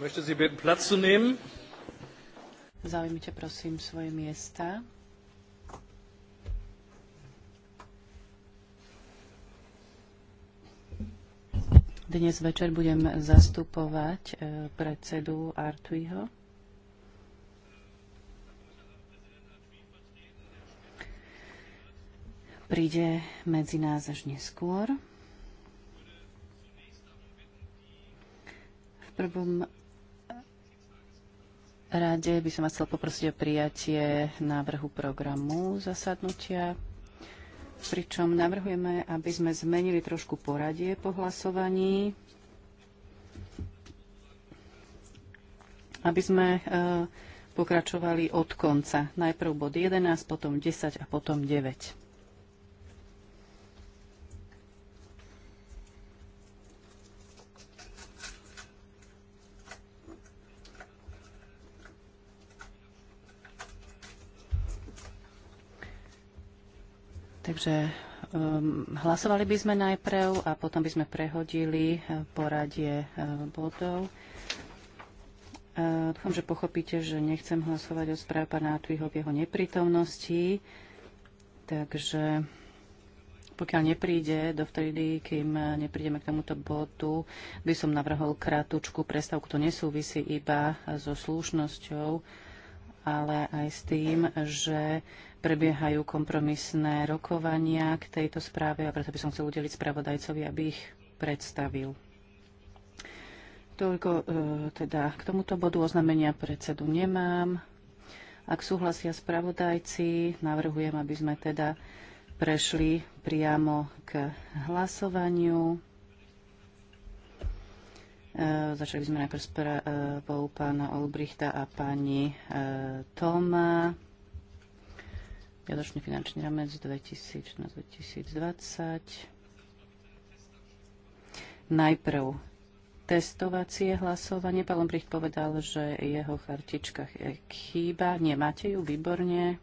Möchte Sie bitten, Platz zu nehmen. Zaujmite prosím svoje miesta. Dnes večer budem zastupovať e, predsedu Artuiho. Príde medzi nás až neskôr. V prvom rade by som vás chcel poprosiť o prijatie návrhu programu zasadnutia, pričom navrhujeme, aby sme zmenili trošku poradie po hlasovaní, aby sme e, pokračovali od konca. Najprv bod 11, potom 10 a potom 9. Takže um, hlasovali by sme najprv a potom by sme prehodili uh, poradie uh, bodov. Uh, dúfam, že pochopíte, že nechcem hlasovať o správe pána Atviho v jeho neprítomnosti. Takže pokiaľ nepríde, dovtedy, kým uh, neprídeme k tomuto bodu, by som navrhol krátku prestavku. To nesúvisí iba so slušnosťou, ale aj s tým, že prebiehajú kompromisné rokovania k tejto správe a preto by som chcel udeliť spravodajcovi, aby ich predstavil. Toľko e, teda k tomuto bodu oznamenia predsedu nemám. Ak súhlasia spravodajci, navrhujem, aby sme teda prešli priamo k hlasovaniu. E, začali sme najprv s e, pána Olbrichta a pani e, Toma viadočný finančný ramec 2000 na 2020. Najprv testovacie hlasovanie. Pán Lambricht povedal, že jeho kartička chýba. Nemáte ju? Výborne.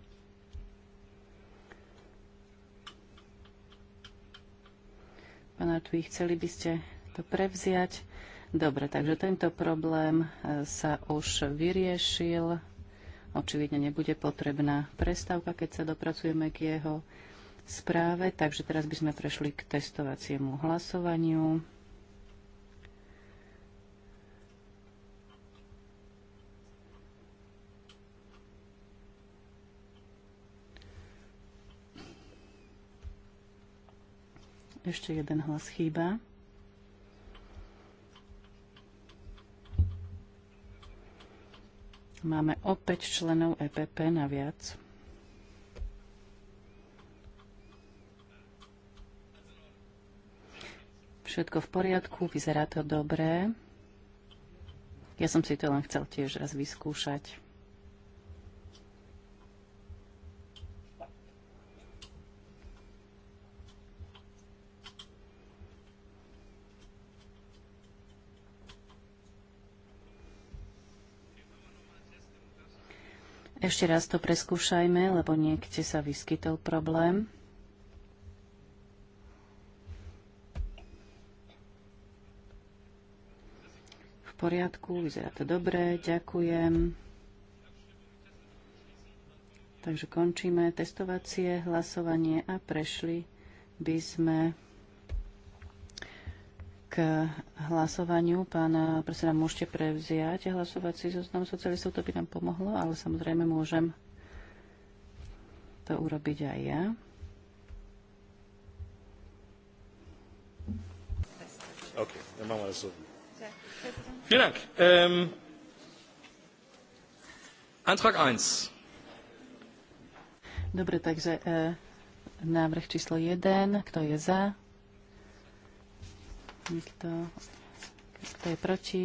Pán Artuji, chceli by ste to prevziať? Dobre, takže tento problém eh, sa už vyriešil. Očividne nebude potrebná prestávka, keď sa dopracujeme k jeho správe, takže teraz by sme prešli k testovaciemu hlasovaniu. Ešte jeden hlas chýba. Máme opäť členov EPP na viac. Všetko v poriadku, vyzerá to dobré. Ja som si to len chcel tiež raz vyskúšať. Ešte raz to preskúšajme, lebo niekde sa vyskytol problém. V poriadku, vyzerá to dobre, ďakujem. Takže končíme testovacie hlasovanie a prešli by sme hlasovaniu. Pán predseda, môžete prevziať hlasovací zoznam socialistov, to by nám pomohlo, ale samozrejme môžem to urobiť aj ja. OK, ja mám aj zoznam. Vielen Dank. Ähm, Antrag 1. Dobre, takže e, návrh číslo 1. Kto je za? Nikto. Kto je proti?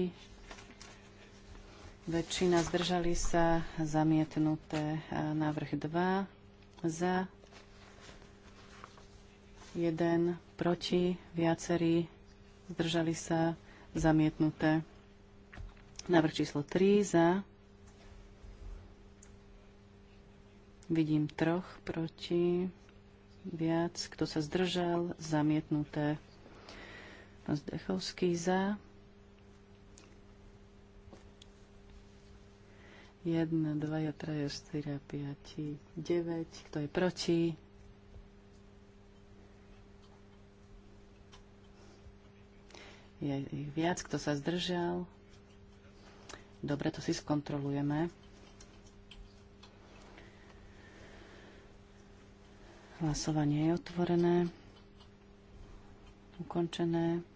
Väčšina zdržali sa. Zamietnuté návrh 2. Za. 1. Proti. Viacerí. Zdržali sa. Zamietnuté. Návrh číslo 3. Za. Vidím troch proti. Viac. Kto sa zdržal? Zamietnuté. Pán Zdechovský za. Jedna, dvaja, traja, štyria, piati, deväť. Kto je proti? Je ich viac, kto sa zdržal. Dobre, to si skontrolujeme. Hlasovanie je otvorené, ukončené.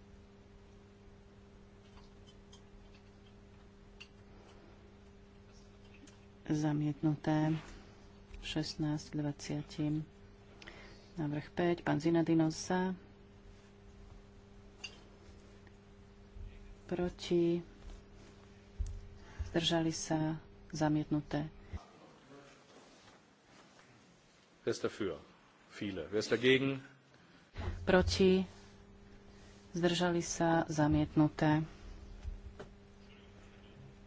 zamietnuté 16 k 20. Návrh 5, pán Zinadinos za. Proti. Zdržali sa zamietnuté. Wer ist dafür? Viele. Wer ist dagegen? Proti. Zdržali sa zamietnuté.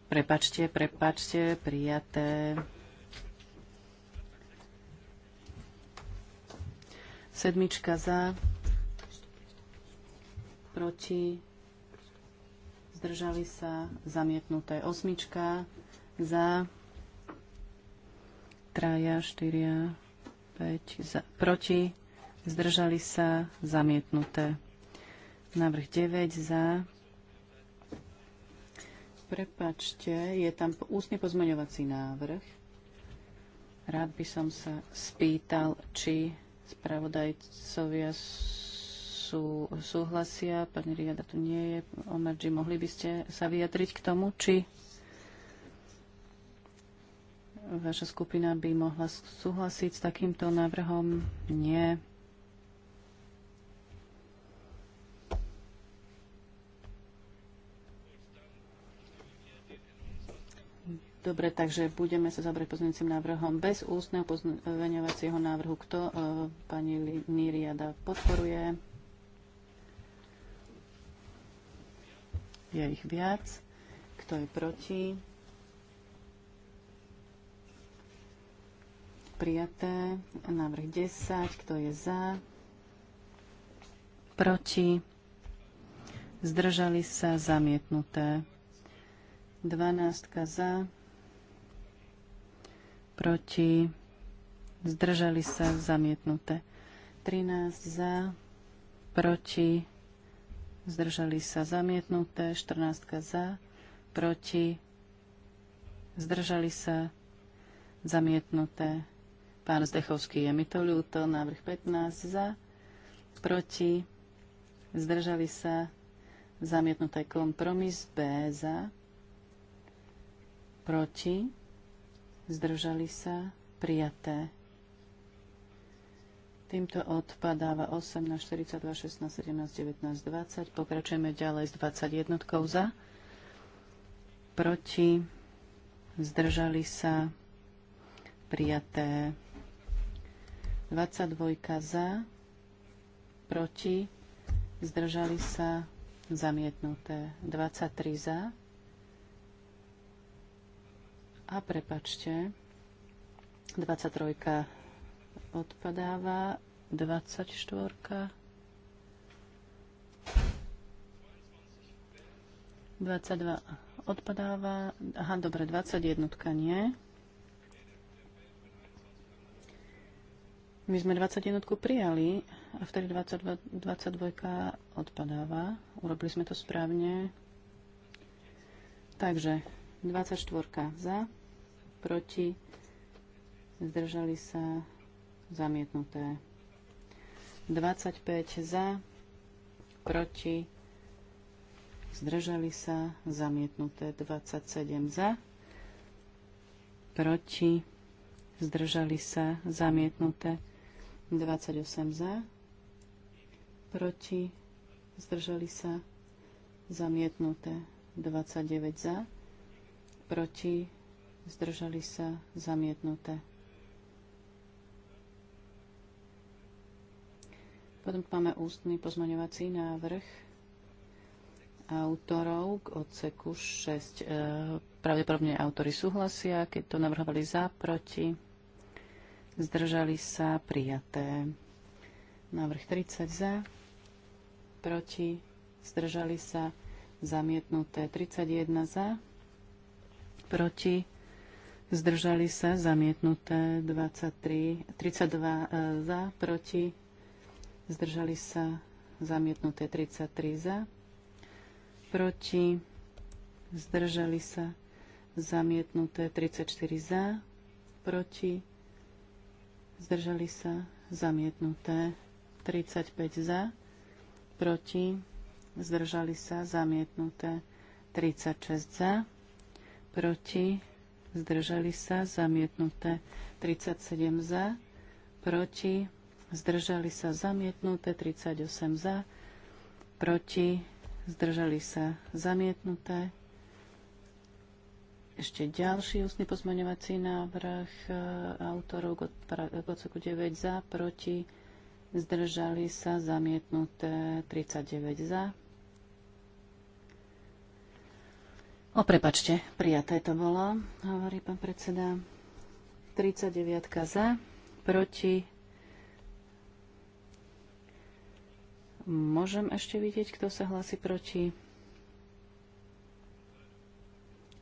Prepačte, prepačte, prijaté. Sedmička za, proti, zdržali sa, zamietnuté. Osmička za, traja, štyria, 5 za, proti, zdržali sa, zamietnuté. Návrh 9 za, Prepačte, je tam ústny pozmeňovací návrh. Rád by som sa spýtal, či spravodajcovia sú, súhlasia. Pani Riada tu nie je. Omerži, mohli by ste sa vyjadriť k tomu, či vaša skupina by mohla súhlasiť s takýmto návrhom? Nie. Dobre, takže budeme sa zabrať pozmeňujúcim návrhom bez ústneho pozmeňovacieho návrhu. Kto e, pani Niriada podporuje? Je ich viac. Kto je proti? Prijaté. Návrh 10. Kto je za? Proti? Zdržali sa zamietnuté. 12 za proti, zdržali sa zamietnuté. 13 za, proti, zdržali sa zamietnuté. 14 za, proti, zdržali sa zamietnuté. Pán Zdechovský je mi to ľúto. Návrh 15 za, proti, zdržali sa zamietnuté kompromis B za, proti, zdržali sa, prijaté. Týmto odpadáva 8 na 42, 16, 17, 19, 20. Pokračujeme ďalej s 21 za, proti, zdržali sa, prijaté. 22 za, proti, zdržali sa, zamietnuté. 23 za, a prepačte, 23 odpadáva, 24 22 odpadáva. Aha, dobre, 21 nie. My sme 21 prijali a vtedy 22, 22 odpadáva. Urobili sme to správne. Takže 24 za, proti, zdržali sa, zamietnuté. 25 za, proti, zdržali sa, zamietnuté. 27 za, proti, zdržali sa, zamietnuté. 28 za, proti, zdržali sa, zamietnuté. 29 za, proti, zdržali sa zamietnuté. Potom máme ústny pozmaňovací návrh autorov k odseku 6. E, pravdepodobne autory súhlasia, keď to navrhovali za, proti. Zdržali sa prijaté. Návrh 30 za, proti. Zdržali sa zamietnuté 31 za, proti zdržali sa, zamietnuté 23, 32 e, za, proti, zdržali sa, zamietnuté 33 za, proti, zdržali sa, zamietnuté 34 za, proti, zdržali sa, zamietnuté 35 za, proti, zdržali sa, zamietnuté 36 za, proti, zdržali sa, zamietnuté 37 za, proti, zdržali sa, zamietnuté 38 za, proti, zdržali sa, zamietnuté. Ešte ďalší ústny pozmeňovací návrh e, autorov GOCOKU 9 za, proti, zdržali sa, zamietnuté 39 za, O prepačte, prijaté to bolo, hovorí pán predseda. 39 za, proti. Môžem ešte vidieť, kto sa hlási proti.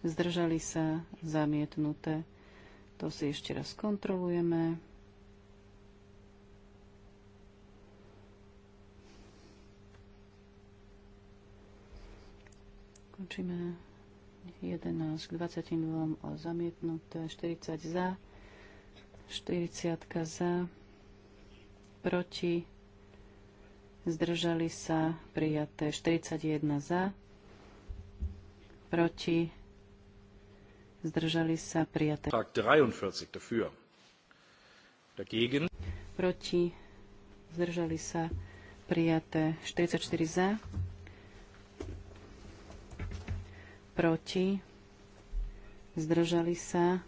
Zdržali sa, zamietnuté. To si ešte raz kontrolujeme. Končíme 11 k 22 zamietnuté, 40 za, 40 za, proti, zdržali sa, prijaté 41 za, proti, zdržali sa, prijaté. Tak 43 dafür. Dagegen. Proti, zdržali sa, prijaté 44 za proti, zdržali sa,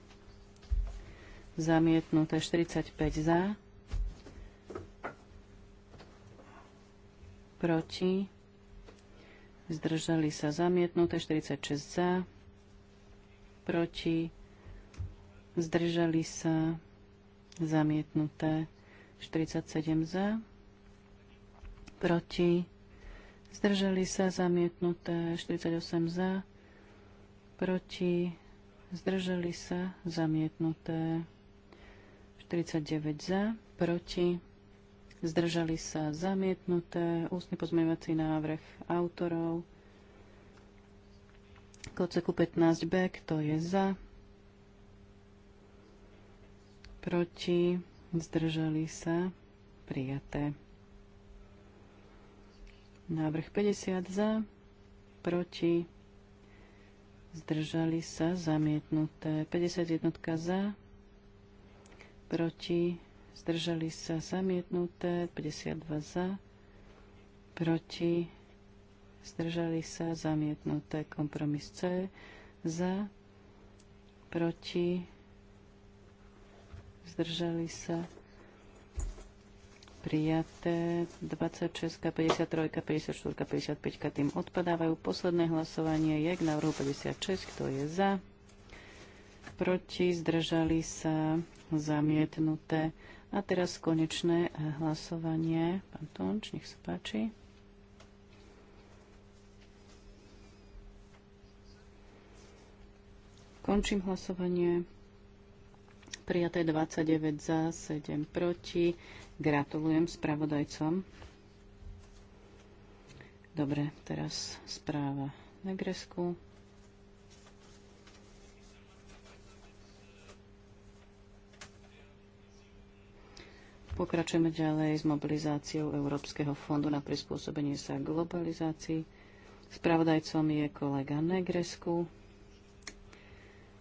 zamietnuté 45 za, proti, zdržali sa, zamietnuté 46 za, proti, zdržali sa, zamietnuté 47 za, proti, zdržali sa, zamietnuté 48 za, proti, zdržali sa, zamietnuté. 49 za, proti, zdržali sa, zamietnuté. Ústny pozmeňovací návrh autorov k odseku 15b, kto je za, proti, zdržali sa, prijaté. Návrh 50 za, proti, zdržali sa, zamietnuté. 51 za, proti, zdržali sa, zamietnuté. 52 za, proti, zdržali sa, zamietnuté. Kompromis C, za, proti, zdržali sa, prijaté. 26, 53, 54, 55 tým odpadávajú. Posledné hlasovanie je k návrhu 56. Kto je za? Proti? Zdržali sa? Zamietnuté. A teraz konečné hlasovanie. Pán Tonč, nech sa páči. Končím hlasovanie prijaté 29 za, 7 proti. Gratulujem spravodajcom. Dobre, teraz správa na Gresku. Pokračujeme ďalej s mobilizáciou Európskeho fondu na prispôsobenie sa globalizácii. Spravodajcom je kolega Negresku.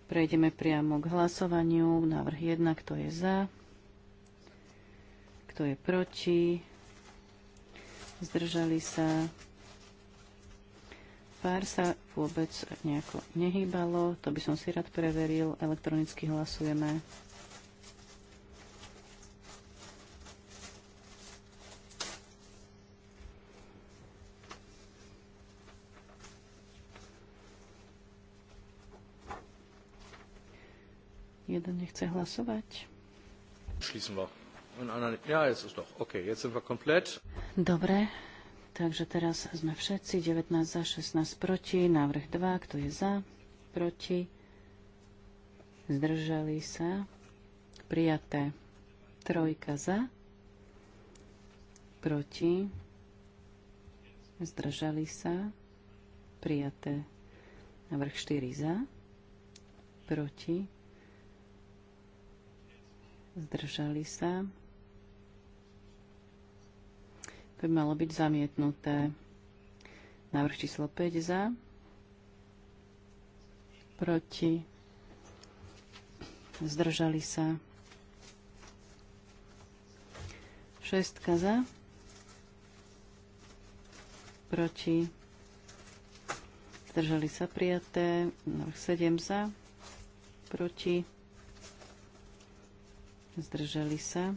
Prejdeme priamo k hlasovaniu. Návrh 1, kto je za, kto je proti, zdržali sa. Pár sa vôbec nejako nehýbalo, to by som si rád preveril. Elektronicky hlasujeme. Jeden nechce hlasovať. Dobre, takže teraz sme všetci, 19 za, 16 proti, návrh 2, kto je za, proti, zdržali sa, prijaté, trojka za, proti, zdržali sa, prijaté, návrh 4 za, proti, zdržali sa. To by malo byť zamietnuté. Návrh číslo 5 za, proti, zdržali sa. Šestka za, proti, zdržali sa prijaté, návrh 7 za, proti, zdržali sa.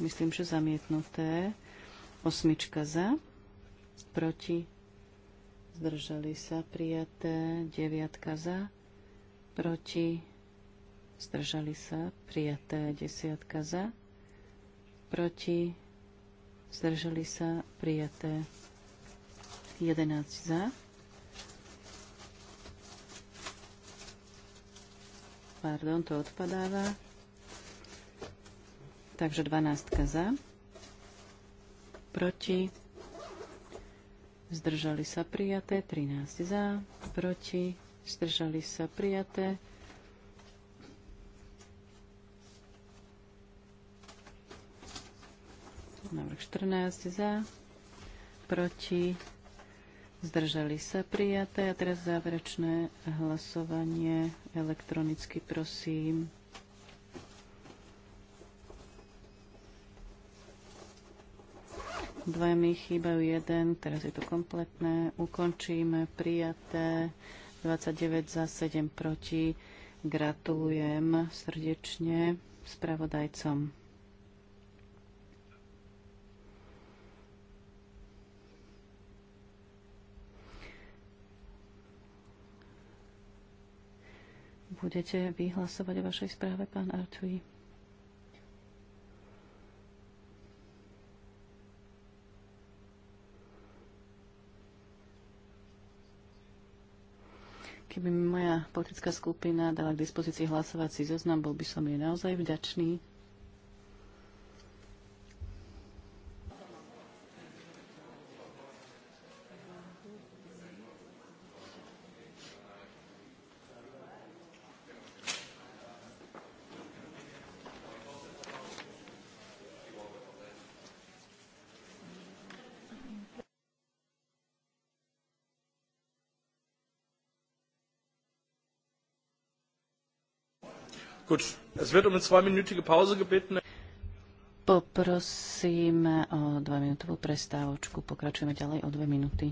Myslím, že zamietnuté. Osmička za, proti, zdržali sa, prijaté. Deviatka za, proti, zdržali sa, prijaté. Desiatka za, proti, zdržali sa, prijaté. 11 za. Pardon, to odpadáva. Takže 12 za. Proti. Zdržali sa prijaté. 13 za. Proti. Zdržali sa prijaté. Návrh 14 za. Proti. Zdržali sa prijaté. A teraz záverečné hlasovanie elektronicky, prosím. Dve mi chýbajú jeden, teraz je to kompletné. Ukončíme, prijaté. 29 za 7 proti. Gratulujem srdečne spravodajcom. Budete vyhlasovať o vašej správe, pán Artuji? Keby mi moja politická skupina dala k dispozícii hlasovací zoznam, bol by som jej naozaj vďačný. Gut, es wird um eine zweiminütige Pause gebeten. Poprosím o dvojminútovú prestávočku. Pokračujeme ďalej o dve minúty.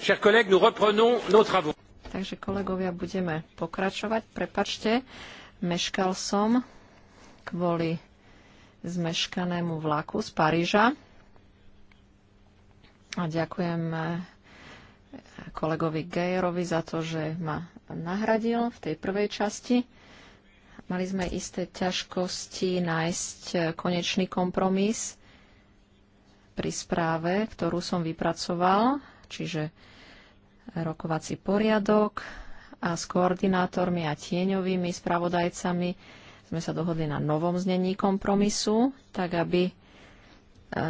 Takže kolegovia, budeme pokračovať. Prepačte, meškal som kvôli zmeškanému vlaku z Paríža. A ďakujem eh, kolegovi Gejerovi za to, že ma nahradil v tej prvej časti. Mali sme isté ťažkosti nájsť e, konečný kompromis pri správe, ktorú som vypracoval, čiže rokovací poriadok a s koordinátormi a tieňovými spravodajcami sme sa dohodli na novom znení kompromisu, tak aby e,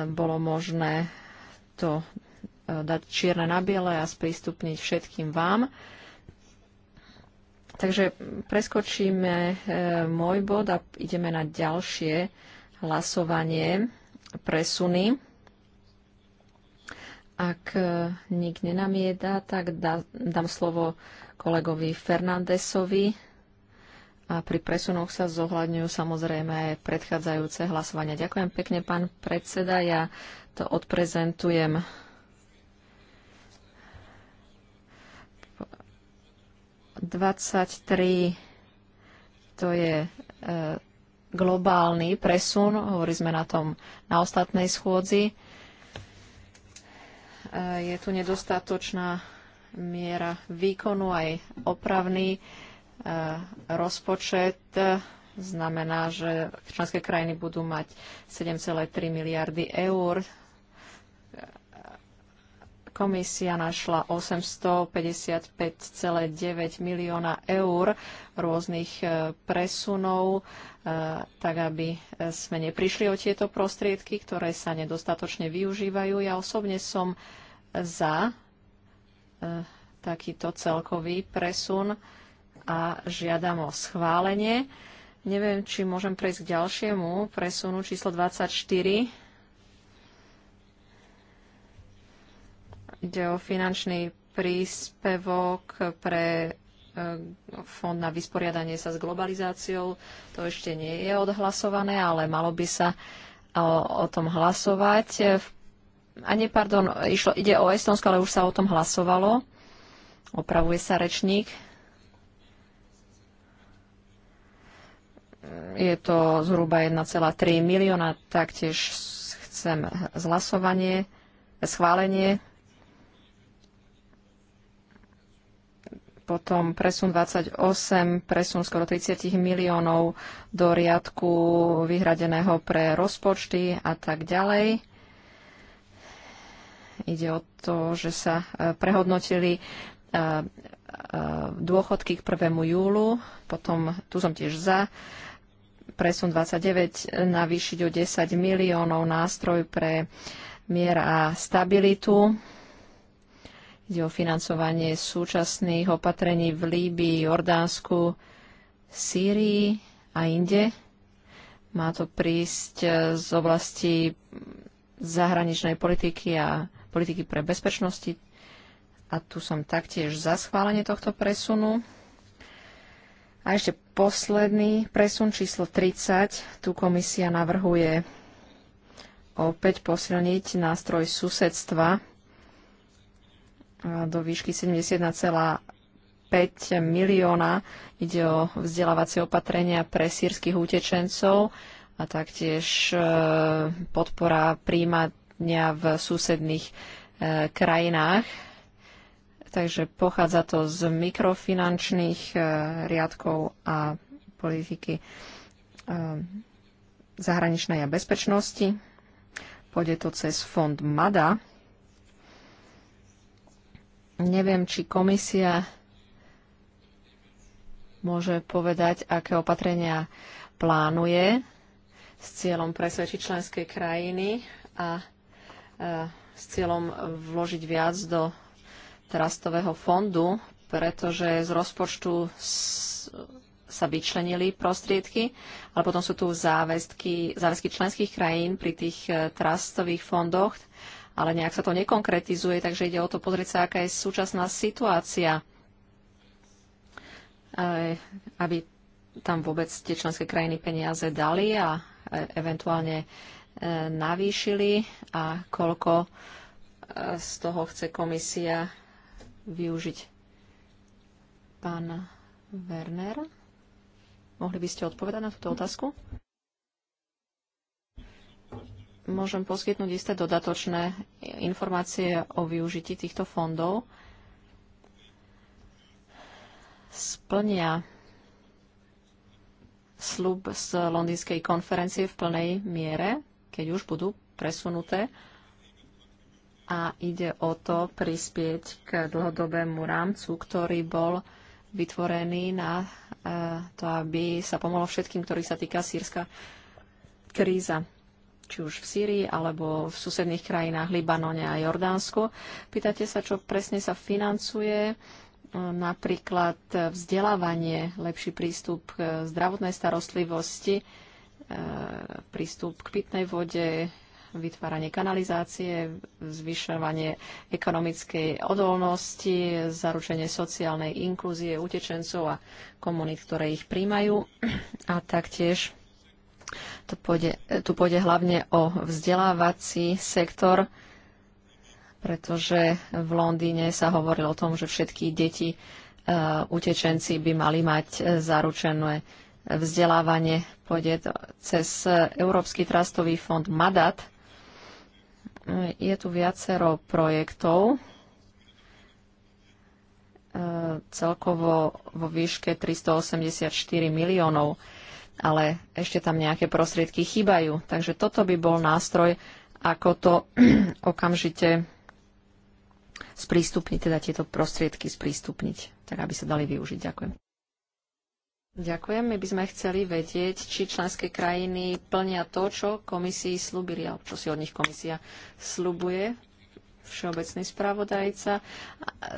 bolo možné to e, dať čierne na biele a sprístupniť všetkým vám. Takže preskočíme e, môj bod a ideme na ďalšie hlasovanie presuny. Ak e, nik nenamieda, tak dám slovo kolegovi Fernandesovi. A pri presunoch sa zohľadňujú samozrejme aj predchádzajúce hlasovania. Ďakujem pekne, pán predseda. Ja to odprezentujem 23 to je e, globálny presun, hovorili sme na tom na ostatnej schôdzi. E, je tu nedostatočná miera výkonu, aj opravný e, rozpočet znamená, že členské krajiny budú mať 7,3 miliardy eur Komisia našla 855,9 milióna eur rôznych e, presunov, e, tak aby sme neprišli o tieto prostriedky, ktoré sa nedostatočne využívajú. Ja osobne som za e, takýto celkový presun a žiadam o schválenie. Neviem, či môžem prejsť k ďalšiemu presunu číslo 24. Ide o finančný príspevok pre e, fond na vysporiadanie sa s globalizáciou. To ešte nie je odhlasované, ale malo by sa o, e, o tom hlasovať. A nie, pardon, išlo, ide o Estonsko, ale už sa o tom hlasovalo. Opravuje sa rečník. Je to zhruba 1,3 milióna, taktiež chcem zhlasovanie, schválenie Potom presun 28, presun skoro 30 miliónov do riadku vyhradeného pre rozpočty a tak ďalej. Ide o to, že sa e, prehodnotili e, e, dôchodky k 1. júlu, potom tu som tiež za, presun 29 navýšiť o 10 miliónov nástroj pre mier a stabilitu. Ide o financovanie súčasných opatrení v Líbii, Jordánsku, Sýrii a inde. Má to prísť e, z oblasti zahraničnej politiky a politiky pre bezpečnosti. A tu som taktiež za schválenie tohto presunu. A ešte posledný presun číslo 30. Tu komisia navrhuje opäť posilniť nástroj susedstva Eh, do výšky 71,5 milióna. Ide o vzdelávacie opatrenia pre sírskych utečencov a taktiež eh, podpora príjmania v susedných eh, krajinách. Takže pochádza to z mikrofinančných riadkov a politiky zahraničnej a bezpečnosti. Pôjde to cez fond MADA Neviem, či komisia môže povedať, aké opatrenia plánuje s cieľom presvedčiť členské krajiny a e, s cieľom vložiť viac do trastového fondu, pretože z rozpočtu sa vyčlenili prostriedky, ale potom sú tu záväzky, záväzky členských krajín pri tých e, trastových fondoch ale nejak sa to nekonkretizuje, takže ide o to pozrieť sa, aká je súčasná situácia, e, aby tam vôbec tie členské krajiny peniaze dali a e, eventuálne e, navýšili a koľko z toho chce komisia využiť. Pán Werner, mohli by ste odpovedať na túto otázku? môžem poskytnúť isté dodatočné informácie o využití týchto fondov. Splnia slub z londýnskej konferencie v plnej miere, keď už budú presunuté. A ide o to prispieť k dlhodobému rámcu, ktorý bol vytvorený na eh, to, aby sa pomohlo všetkým, ktorý sa týka sírska kríza či už v Sýrii alebo v susedných krajinách Libanone a Jordánsku. Pýtate sa, čo presne sa financuje, e, napríklad vzdelávanie, lepší prístup k zdravotnej starostlivosti, e, prístup k pitnej vode, vytváranie kanalizácie, zvyšovanie ekonomickej odolnosti, zaručenie sociálnej inklúzie utečencov a komunít, ktoré ich príjmajú a taktiež tu pôjde, tu pôjde hlavne o vzdelávací sektor, pretože v Londýne sa hovorilo o tom, že všetky deti, uh, utečenci by mali mať zaručené vzdelávanie. Pôjde to cez Európsky trastový fond MADAT. Je tu viacero projektov, e, celkovo vo výške 384 miliónov ale ešte tam nejaké prostriedky chýbajú. Takže toto by bol nástroj, ako to okamžite sprístupniť, teda tieto prostriedky sprístupniť, tak aby sa dali využiť. Ďakujem. Ďakujem. My by sme chceli vedieť, či členské krajiny plnia to, čo komisii slúbili, alebo čo si od nich komisia slúbuje. Všeobecný spravodajca.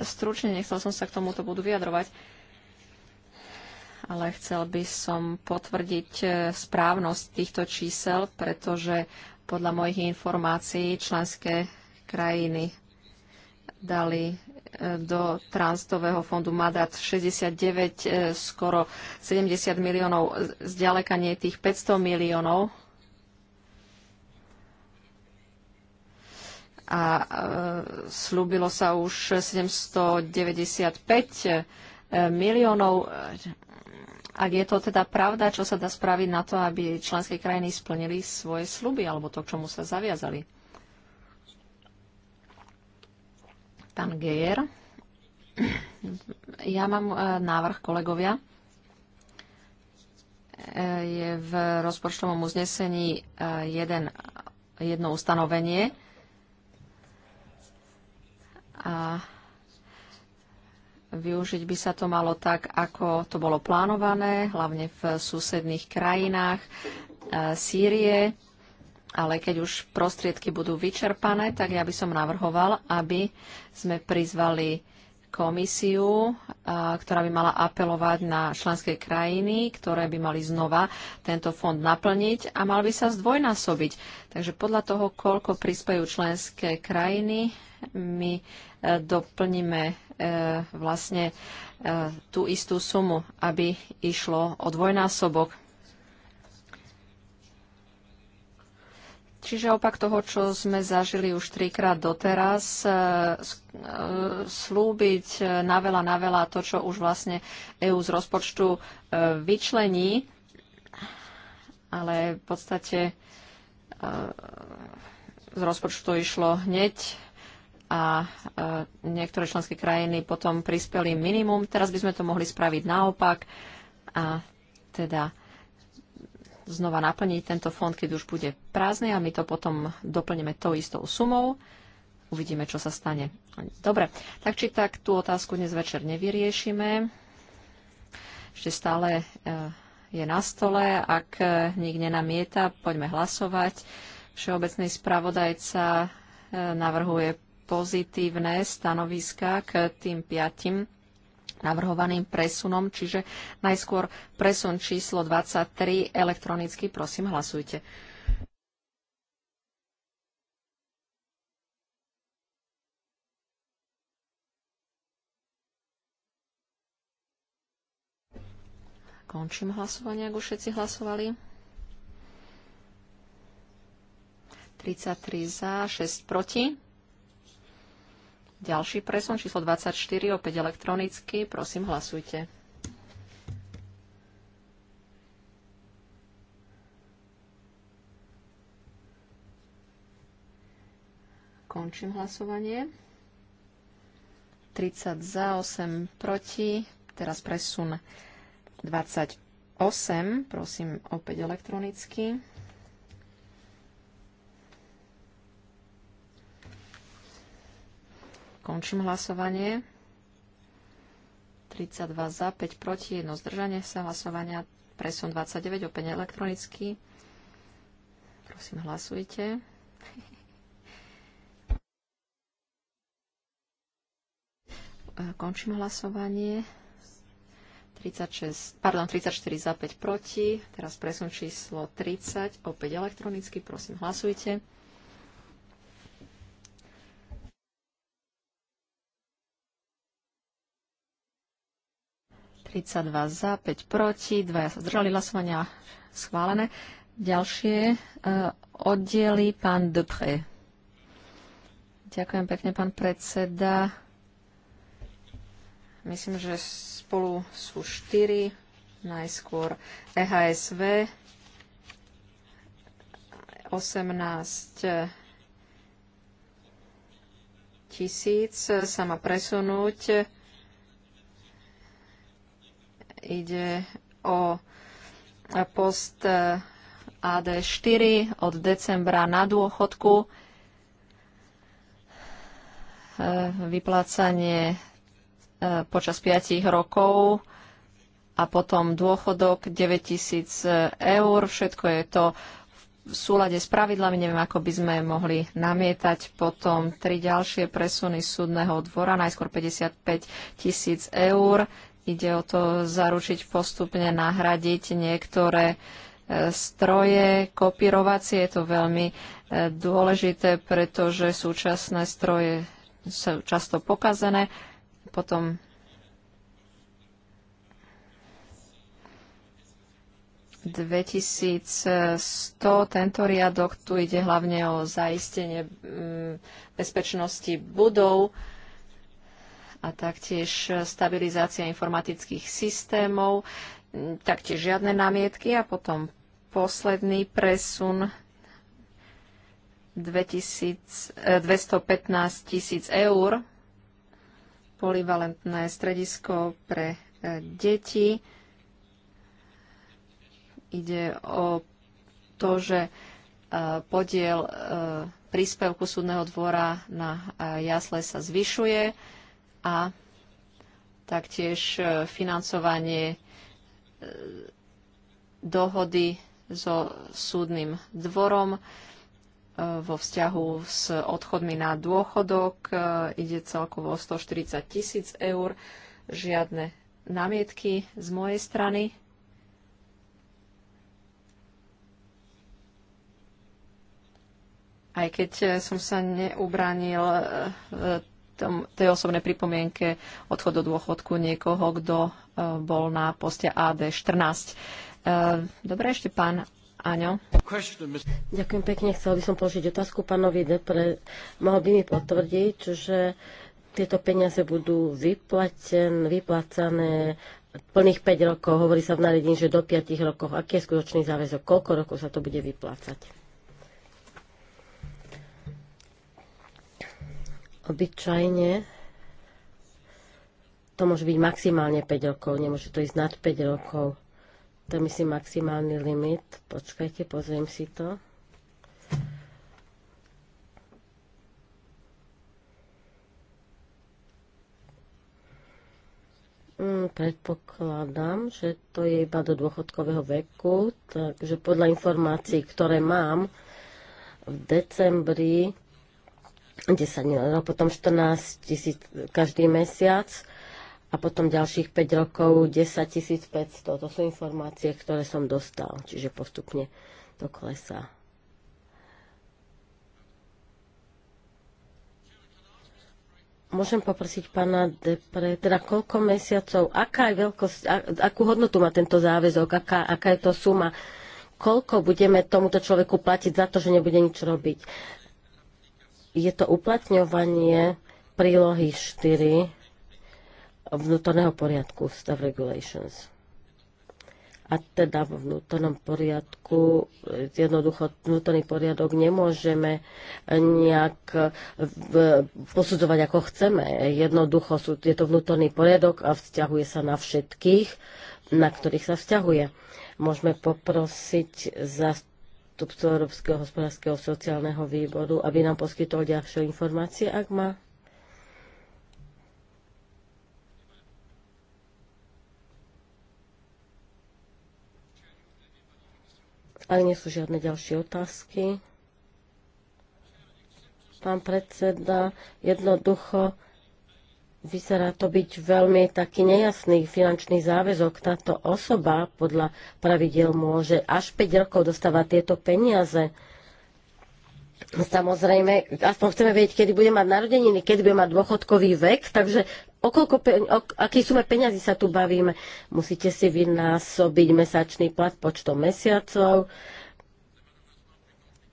Stručne nechcel som sa k tomuto budú vyjadrovať ale chcel by som potvrdiť e, správnosť týchto čísel, pretože podľa mojich informácií členské krajiny dali e, do transtového fondu Madat 69, e, skoro 70 miliónov, zďaleka nie tých 500 miliónov. A e, slúbilo sa už 795 miliónov ak je to teda pravda, čo sa dá spraviť na to, aby členské krajiny splnili svoje sluby alebo to, k čomu sa zaviazali. Pán Gejer, ja mám e, návrh kolegovia. E, je v rozpočtovom uznesení e, jeden, jedno ustanovenie a Využiť by sa to malo tak, ako to bolo plánované, hlavne v susedných krajinách e, Sýrie. Ale keď už prostriedky budú vyčerpané, tak ja by som navrhoval, aby sme prizvali komisiu, e, ktorá by mala apelovať na členské krajiny, ktoré by mali znova tento fond naplniť a mal by sa zdvojnásobiť. Takže podľa toho, koľko prispajú členské krajiny, my e, doplníme E, vlastne e, tú istú sumu, aby išlo o dvojnásobok. Čiže opak toho, čo sme zažili už trikrát doteraz, e, slúbiť na veľa, na veľa to, čo už vlastne EÚ z rozpočtu vyčlení, ale v podstate z rozpočtu išlo hneď a e, niektoré členské krajiny potom prispeli minimum. Teraz by sme to mohli spraviť naopak a teda znova naplniť tento fond, keď už bude prázdny a my to potom doplníme tou istou sumou. Uvidíme, čo sa stane. Dobre, tak či tak tú otázku dnes večer nevyriešime. Ešte stále e, je na stole. Ak e, nik nenamieta, poďme hlasovať. Všeobecný spravodajca navrhuje pozitívne stanoviská k tým piatim navrhovaným presunom, čiže najskôr presun číslo 23 elektronicky, prosím, hlasujte. Končím hlasovanie, ako všetci hlasovali. 33 za, 6 proti. Ďalší presun, číslo 24, opäť elektronicky. Prosím, hlasujte. Končím hlasovanie. 30 za, 8 proti. Teraz presun 28. Prosím, opäť elektronicky. Končím hlasovanie. 32 za, 5 proti, 1 zdržanie sa hlasovania. Presun 29, opäť elektronicky. Prosím, hlasujte. Končím hlasovanie. 36, pardon, 34 za 5 proti. Teraz presun číslo 30, opäť elektronicky, prosím, hlasujte. 32 za, 5 proti, 2 sa zdržali hlasovania schválené. Ďalšie e, oddiely pán Dupré. Ďakujem pekne, pán predseda. Myslím, že spolu sú štyri, Najskôr EHSV 18 tisíc sa má presunúť Ide o post e, AD4 od decembra na dôchodku. E, vyplácanie e, počas 5 rokov a potom dôchodok 9000 eur. Všetko je to v súlade s pravidlami, neviem, ako by sme mohli namietať. Potom tri ďalšie presuny súdneho dvora, najskôr 55 tisíc eur Ide o to zaručiť postupne nahradiť niektoré e, stroje kopírovacie. Je to veľmi e, dôležité, pretože súčasné stroje sú často pokazené. Potom ...2100, tento riadok, tu ide hlavne o zaistenie bezpečnosti budov, a taktiež stabilizácia informatických systémov, taktiež žiadne námietky a potom posledný presun 215 eh, tisíc eur polivalentné stredisko pre eh, deti. Ide o to, že eh, podiel príspevku súdneho dvora na jasle sa zvyšuje a taktiež e, financovanie e, dohody so súdnym dvorom e, vo vzťahu s odchodmi na dôchodok. Ide celkovo 140 tisíc eur. Žiadne námietky z mojej strany. Aj keď som sa neubránil tom, tej osobnej pripomienke odchod do dôchodku niekoho, kto e, bol na poste AD14. E, dobre, ešte pán Áno. Ďakujem pekne. Chcela by som položiť otázku pánovi Depre. Mohol by mi potvrdiť, že tieto peniaze budú vyplaten, vyplacané plných 5 rokov. Hovorí sa v nariadení, že do 5 rokov. Aký je skutočný záväzok? Koľko rokov sa to bude vyplácať? Obyčajne to môže byť maximálne 5 rokov, nemôže to ísť nad 5 rokov. To je myslím maximálny limit. Počkajte, pozriem si to. Mm, predpokladám, že to je iba do dôchodkového veku, takže podľa informácií, ktoré mám, v decembri 10 miliónov, potom 14 tisíc každý mesiac a potom ďalších 5 rokov 10 500. To sú informácie, ktoré som dostal, čiže postupne to klesá. Môžem poprosiť pána Depre, teda koľko mesiacov, aká je veľkosť, akú hodnotu má tento záväzok, aká, aká je to suma, koľko budeme tomuto človeku platiť za to, že nebude nič robiť je to uplatňovanie prílohy 4 vnútorného poriadku Staff Regulations. A teda vo vnútornom poriadku, jednoducho vnútorný poriadok nemôžeme nejak e, posudzovať ako chceme. Jednoducho sú, je to vnútorný poriadok a vzťahuje sa na všetkých, na ktorých sa vzťahuje. Môžeme poprosiť za zástupcu Európskeho hospodárskeho sociálneho výboru, aby nám poskytol ďalšie informácie, ak má. Ak nie sú žiadne ďalšie otázky, pán predseda, jednoducho Vyzerá to byť veľmi taký nejasný finančný záväzok. Táto osoba podľa pravidel môže až 5 rokov dostávať tieto peniaze. Samozrejme, aspoň chceme vedieť, kedy bude mať narodeniny, kedy bude mať dôchodkový vek, takže o, koľko pe- o akej sume peňazí sa tu bavíme. Musíte si vynásobiť mesačný plat počtom mesiacov.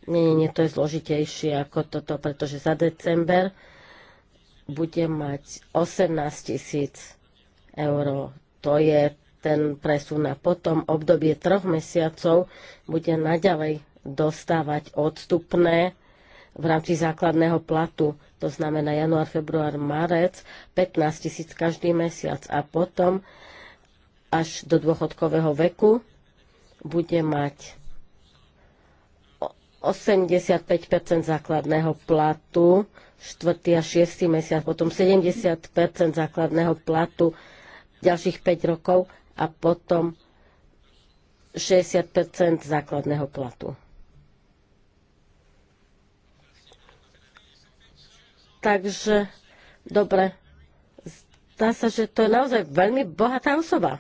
Nie, nie, nie, to je zložitejšie ako toto, pretože za december bude mať 18 tisíc eur. To je ten presun a potom obdobie troch mesiacov bude naďalej dostávať odstupné v rámci základného platu, to znamená január, február, marec, 15 tisíc každý mesiac a potom až do dôchodkového veku bude mať 85 základného platu 4. a 6. mesiac, potom 70 základného platu ďalších 5 rokov a potom 60 základného platu. Takže, dobre, zdá sa, že to je naozaj veľmi bohatá osoba.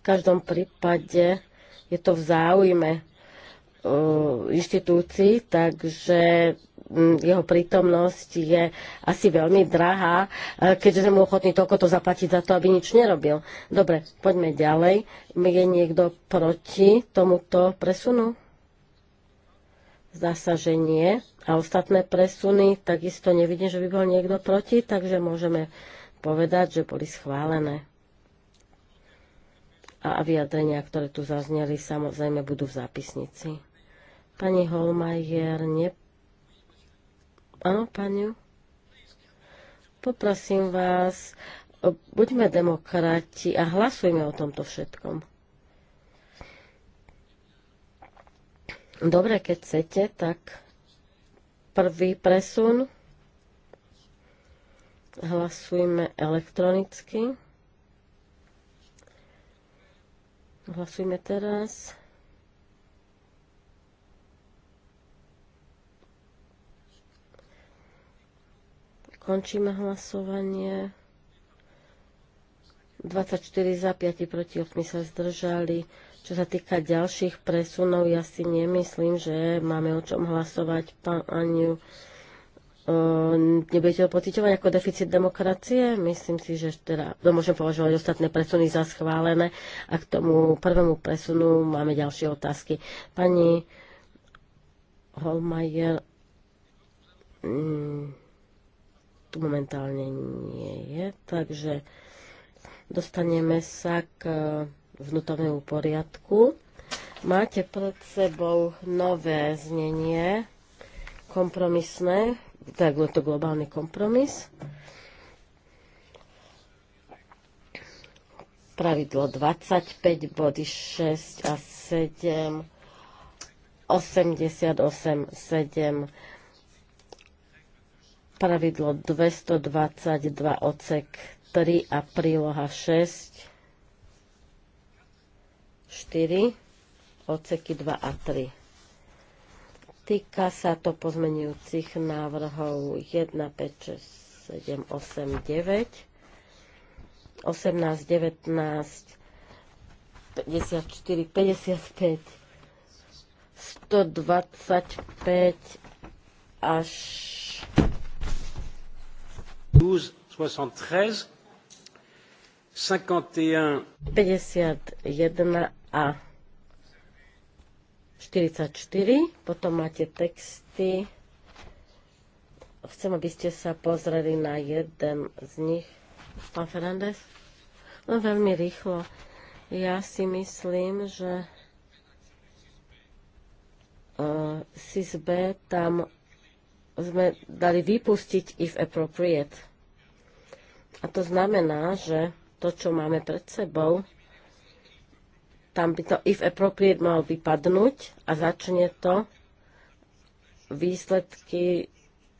V každom prípade je to v záujme Eh, inštitúcií, takže mm, jeho prítomnosť je asi veľmi drahá, eh, keďže sme ochotní toľko to zaplatiť za to, aby nič nerobil. Dobre, poďme ďalej. Je niekto proti tomuto presunu? Zdá sa, že nie. A ostatné presuny, takisto nevidím, že by bol niekto proti, takže môžeme povedať, že boli schválené a vyjadrenia, ktoré tu zazneli, samozrejme budú v zápisnici. Pani Holmajer, ne... Áno, pani? Poprosím vás, buďme demokrati a hlasujme o tomto všetkom. Dobre, keď chcete, tak prvý presun. Hlasujme elektronicky. Hlasujme teraz. Končíme hlasovanie. 24 za, 5 proti 8 sa zdržali. Čo sa týka ďalších presunov, ja si nemyslím, že máme o čom hlasovať. Pán Aniu, nebudete ho pocitovať ako deficit demokracie? Myslím si, že teda, no môžem považovať ostatné presuny za schválené. A k tomu prvému presunu máme ďalšie otázky. Pani Holmajer, mm, tu momentálne nie je, takže dostaneme sa k e, vnútornému poriadku. Máte pred sebou nové znenie, kompromisné, tak je to globálny kompromis. Pravidlo 25, body 6 a 7, 88, 7, pravidlo 222 odsek 3 a príloha 6, 4, odseky 2 a 3. Týka sa to pozmenujúcich návrhov 1, 5, 6, 7, 8, 9, 18, 19, 54, 55, 125 až 12, 73, 51 a 44. Potom máte texty. Chcem, aby ste sa pozreli na jeden z nich. Pán Fernández? No veľmi rýchlo. Ja si myslím, že uh, eh, SISB tam sme dali vypustiť if appropriate. A to znamená, že to, čo máme pred sebou, tam by to if appropriate malo vypadnúť a začne to výsledky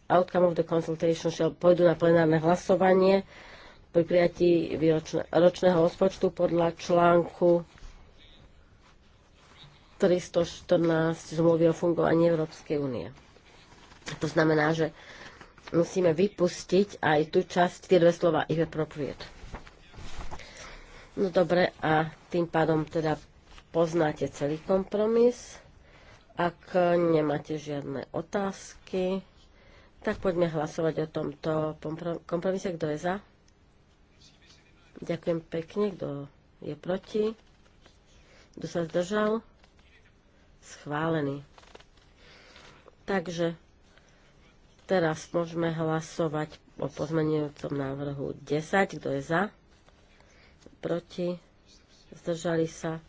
outcome of the consultation shall pôjdu na plenárne hlasovanie pri prijatí výročne, ročného rozpočtu podľa článku 314 zmluvy o fungovaní Európskej únie. To znamená, že musíme vypustiť aj tú časť, tie dve slova if appropriate. No dobre, a tým pádom teda poznáte celý kompromis. Ak nemáte žiadne otázky, tak poďme hlasovať o tomto kompromise. Kto je za? Ďakujem pekne. Kto je proti? Kto sa zdržal? Schválený. Takže Teraz môžeme hlasovať o pozmenujúcom návrhu 10. Kto je za? Proti? Zdržali sa?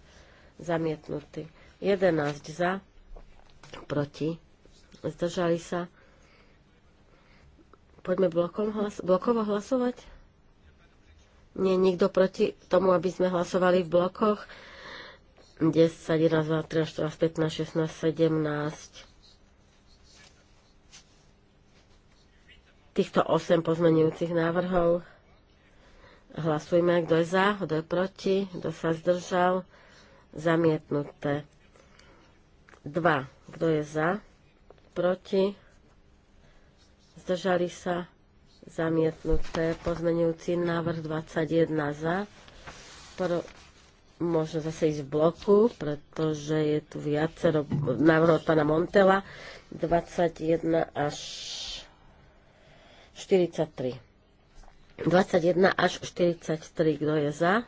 Zamietnutý. 11 za? Proti? Zdržali sa? Poďme blokom hlas- blokovo hlasovať? Nie, nikto proti tomu, aby sme hlasovali v blokoch. 10, 11, 12, 13, 14, 15, 16, 17. týchto 8 pozmenujúcich návrhov. Hlasujme, kto je za, kto je proti, kto sa zdržal. Zamietnuté. 2. Kto je za? Proti? Zdržali sa? Zamietnuté. Pozmenujúci návrh 21 za. Pro, možno zase ísť v bloku, pretože je tu viacero návrhov od pána Montela. 21 až 43. 21 až 43. Kto je za?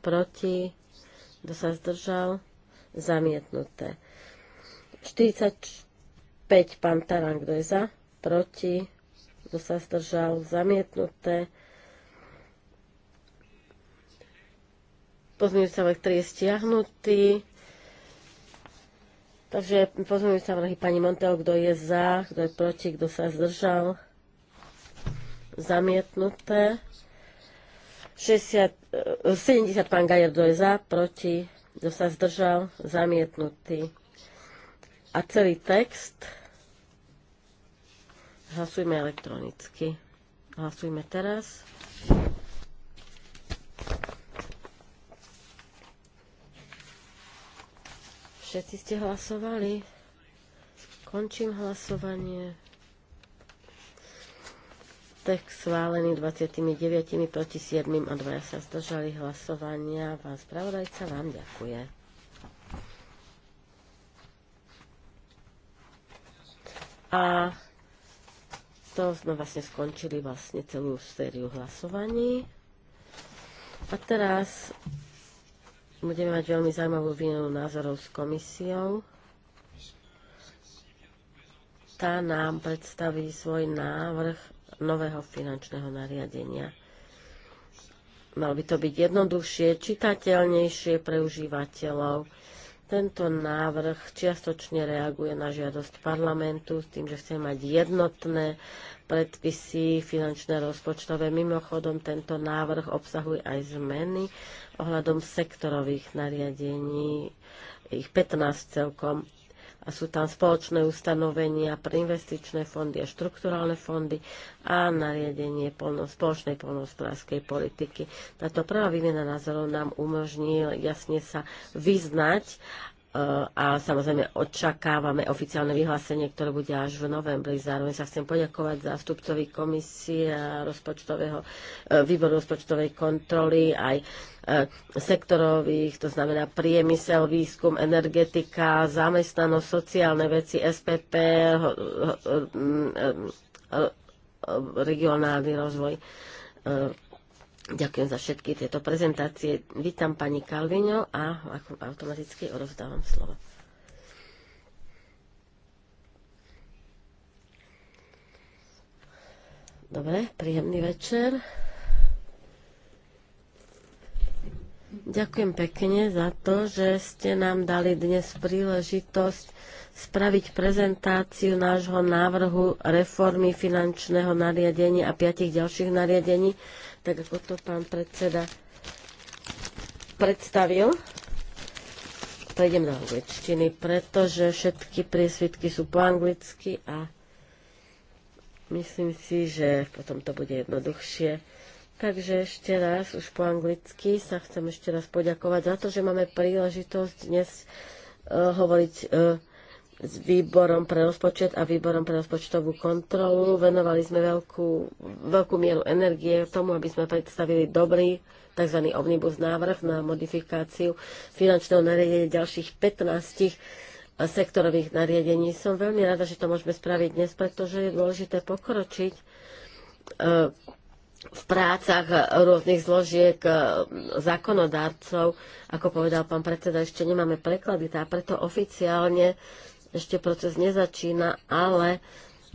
Proti? Kto sa zdržal? Zamietnuté. 45. Pán Taran, kto je za? Proti? Kto sa zdržal? Zamietnuté. Pozmeňujúci vrch 3 je stiahnutý. Takže pozmeňujúci návrhy pani Montel, kto je za, kto je proti, kto sa zdržal zamietnuté. 60, 70 e, pán Gajerdo je za, proti, kto sa zdržal, zamietnutý. A celý text hlasujme elektronicky. Hlasujme teraz. Všetci ste hlasovali. Končím hlasovanie. Text schválený 29 proti 7 a 2 sa zdržali hlasovania. Pán spravodajca vám ďakuje. A to sme vlastne skončili vlastne celú sériu hlasovaní. A teraz budeme mať veľmi zaujímavú výmenu názorov s komisiou. Tá nám predstaví svoj návrh nového finančného nariadenia. Mal by to byť jednoduchšie, čitateľnejšie pre užívateľov. Tento návrh čiastočne reaguje na žiadosť parlamentu s tým, že chce mať jednotné predpisy finančné rozpočtové. Mimochodom, tento návrh obsahuje aj zmeny ohľadom sektorových nariadení, ich 15 celkom a sú tam spoločné ustanovenia pre investičné fondy a štrukturálne fondy a nariadenie polno, spoločnej polnohospodárskej politiky. Táto prvá výmena názorov nám umožní jasne sa vyznať a samozrejme očakávame oficiálne vyhlásenie, ktoré bude až v novembri. Zároveň sa chcem poďakovať zástupcovi komisie a rozpočtového, e, výboru rozpočtovej kontroly, aj e, sektorových, to znamená priemysel, výskum, energetika, zamestnanosť, sociálne veci, SPP, e, regionálny rozvoj Ďakujem za všetky tieto prezentácie. Vítam pani Kalvino a automaticky odovzdávam slovo. Dobre, príjemný večer. Ďakujem pekne za to, že ste nám dali dnes príležitosť spraviť prezentáciu nášho návrhu reformy finančného nariadenia a piatich ďalších nariadení tak ako to pán predseda predstavil. Prejdem na angličtiny, pretože všetky priesvitky sú po anglicky a myslím si, že potom to bude jednoduchšie. Takže ešte raz, už po anglicky, sa chcem ešte raz poďakovať za to, že máme príležitosť dnes uh, hovoriť uh, s výborom pre rozpočet a výborom pre rozpočtovú kontrolu. Venovali sme veľkú, veľkú mieru energie tomu, aby sme predstavili dobrý tzv. omnibus návrh na modifikáciu finančného nariadenia ďalších 15 sektorových nariadení. Som veľmi rada, že to môžeme spraviť dnes, pretože je dôležité pokročiť e, v prácach rôznych zložiek e, zákonodárcov. Ako povedal pán predseda, ešte nemáme preklady a preto oficiálne ešte proces nezačína, ale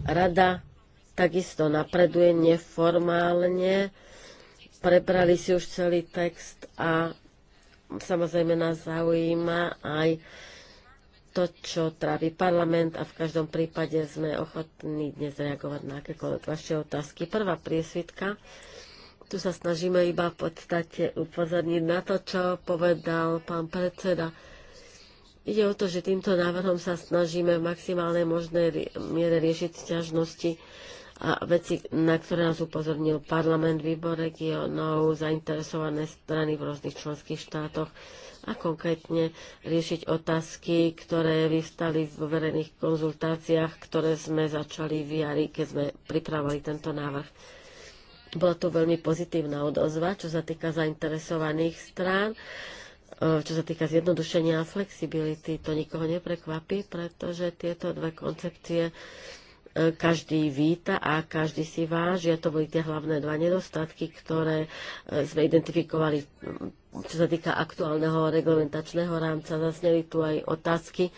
rada takisto napreduje neformálne. Prebrali si už celý text a samozrejme nás zaujíma aj to, čo trávi parlament a v každom prípade sme ochotní dnes reagovať na akékoľvek vaše otázky. Prvá priesvitka. Tu sa snažíme iba v podstate upozorniť na to, čo povedal pán predseda. Ide o to, že týmto návrhom sa snažíme v maximálnej možnej miere riešiť sťažnosti a veci, na ktoré nás upozornil parlament, výbor regionov, zainteresované strany v rôznych členských štátoch a konkrétne riešiť otázky, ktoré vyvstali v verejných konzultáciách, ktoré sme začali v jari, keď sme pripravovali tento návrh. Bola to veľmi pozitívna odozva, čo sa týka zainteresovaných strán. E, čo sa týka zjednodušenia a flexibility, to nikoho neprekvapí, pretože tieto dve koncepcie e, každý víta a každý si váži. A to boli tie hlavné dva nedostatky, ktoré e, sme identifikovali, čo sa týka aktuálneho reglementačného rámca. Zasneli tu aj otázky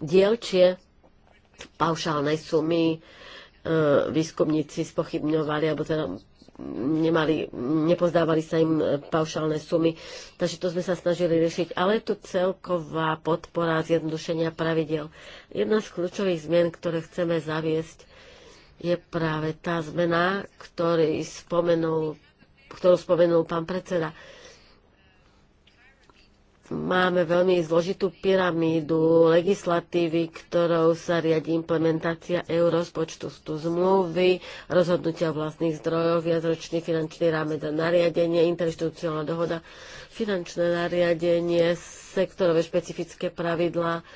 dielčie paušálnej sumy, výskumníci spochybňovali, alebo teda nemali, nepozdávali sa im e, paušálne sumy. Takže to sme sa snažili riešiť. Ale je tu celková podpora zjednodušenia pravidel. Jedna z kľúčových zmien, ktoré chceme zaviesť, je práve tá zmena, ktorý spomenul, ktorú spomenul pán predseda máme veľmi zložitú pyramídu legislatívy, ktorou sa riadi implementácia eurozpočtu tu zmluvy, rozhodnutia vlastných zdrojov, viacročný finančný rámec a nariadenie, interinstitucionálna dohoda, finančné nariadenie, sektorové špecifické pravidlá,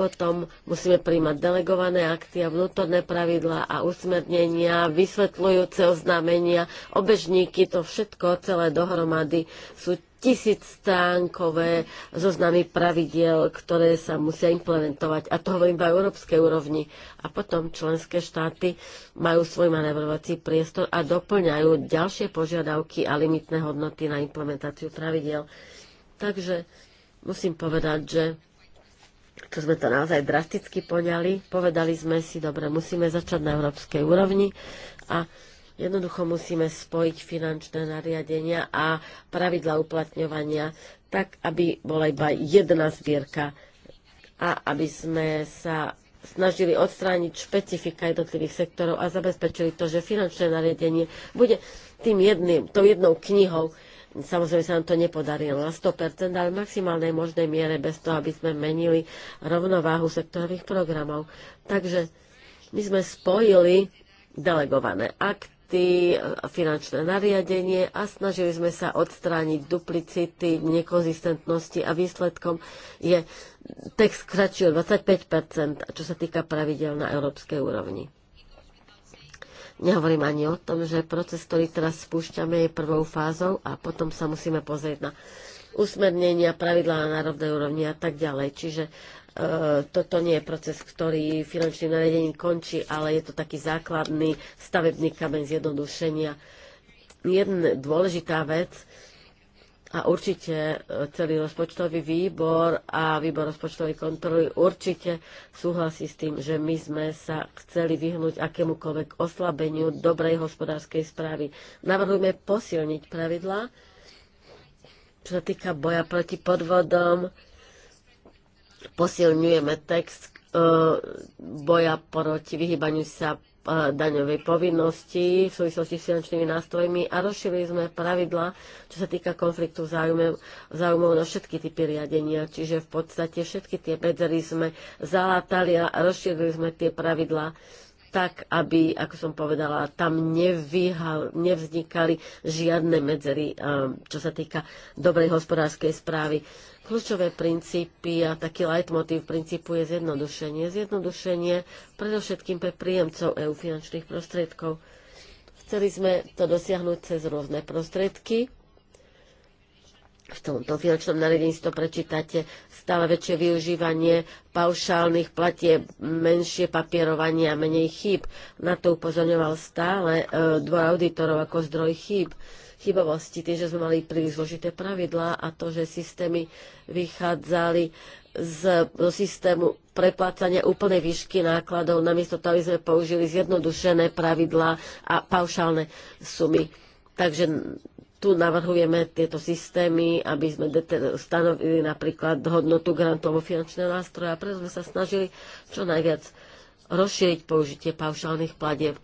potom musíme príjmať delegované akty a vnútorné pravidlá a usmernenia, vysvetľujúce oznámenia, obežníky, to všetko celé dohromady sú tisíc stánkové zoznamy pravidiel, ktoré sa musia implementovať. A to hovorím iba o európskej úrovni. A potom členské štáty majú svoj manevrovací priestor a doplňajú ďalšie požiadavky a limitné hodnoty na implementáciu pravidiel. Takže musím povedať, že to sme to naozaj drasticky poňali. Povedali sme si, dobre, musíme začať na európskej úrovni a Jednoducho musíme spojiť finančné nariadenia a pravidla uplatňovania tak, aby bola iba jedna zbierka a aby sme sa snažili odstrániť špecifika jednotlivých sektorov a zabezpečili to, že finančné nariadenie bude tým jedným, tou jednou knihou. Samozrejme sa nám to nepodarilo na 100%, ale v maximálnej možnej miere bez toho, aby sme menili rovnováhu sektorových programov. Takže my sme spojili delegované akty, akty, finančné nariadenie a snažili sme sa odstrániť duplicity, nekonzistentnosti a výsledkom je text kratší o 25 čo sa týka pravidel na európskej úrovni. Nehovorím ani o tom, že proces, ktorý teraz spúšťame, je prvou fázou a potom sa musíme pozrieť na usmernenia, pravidlá na národnej úrovni a tak ďalej. Čiže E, toto nie je proces, ktorý finančným nariadením končí, ale je to taký základný stavebný kameň zjednodušenia. Jedna dôležitá vec, a určite e, celý rozpočtový výbor a výbor rozpočtovej kontroly určite súhlasí s tým, že my sme sa chceli vyhnúť akémukoľvek oslabeniu dobrej hospodárskej správy. Navrhujeme posilniť pravidlá, čo sa týka boja proti podvodom, posilňujeme text e, boja proti vyhýbaniu sa e, daňovej povinnosti v súvislosti s finančnými nástrojmi a rozšírili sme pravidla, čo sa týka konfliktu záujmov na všetky typy riadenia. Čiže v podstate všetky tie medzery sme zalátali a rozšírili sme tie pravidla tak, aby, ako som povedala, tam nevyhal, nevznikali žiadne medzery, e, čo sa týka dobrej hospodárskej správy. Kľúčové princípy a taký leitmotiv princípu je zjednodušenie. Zjednodušenie predovšetkým pre príjemcov EU finančných prostriedkov. Chceli sme to dosiahnuť cez rôzne prostriedky. V tomto finančnom nariadení si to prečítate. Stále väčšie využívanie paušálnych platie, menšie papierovanie a menej chýb. Na to upozorňoval stále e, dvor auditorov ako zdroj chýb. E, chybovosti, tým, že sme mali príliš zložité pravidlá a to, že systémy vychádzali z, do systému preplácania úplnej výšky nákladov, namiesto toho, aby sme použili zjednodušené pravidlá a paušálne sumy. Takže tu navrhujeme tieto systémy, aby sme stanovili napríklad hodnotu grantovo finančného nástroja, preto sme sa snažili čo najviac rozšíriť použitie paušálnych platieb.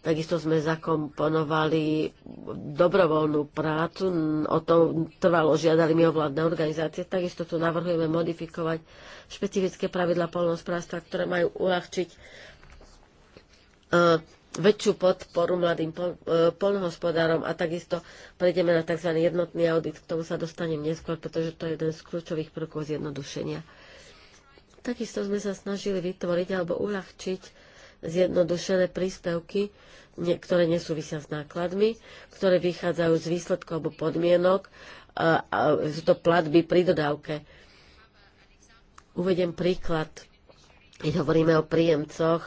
Takisto sme zakomponovali dobrovoľnú prácu, o to trvalo žiadali mi ovládne organizácie. Takisto tu navrhujeme modifikovať špecifické pravidla polnohospodárstva, ktoré majú uľahčiť uh, väčšiu podporu mladým pol, uh, e, polnohospodárom a takisto prejdeme na tzv. jednotný audit. K tomu sa dostanem neskôr, pretože to je jeden z kľúčových prvkov zjednodušenia. Takisto sme sa snažili vytvoriť alebo uľahčiť zjednodušené príspevky, ktoré nesúvisia s nákladmi, ktoré vychádzajú z výsledkov alebo podmienok, a, a sú to platby pri dodávke. Uvediem príklad, keď hovoríme o príjemcoch,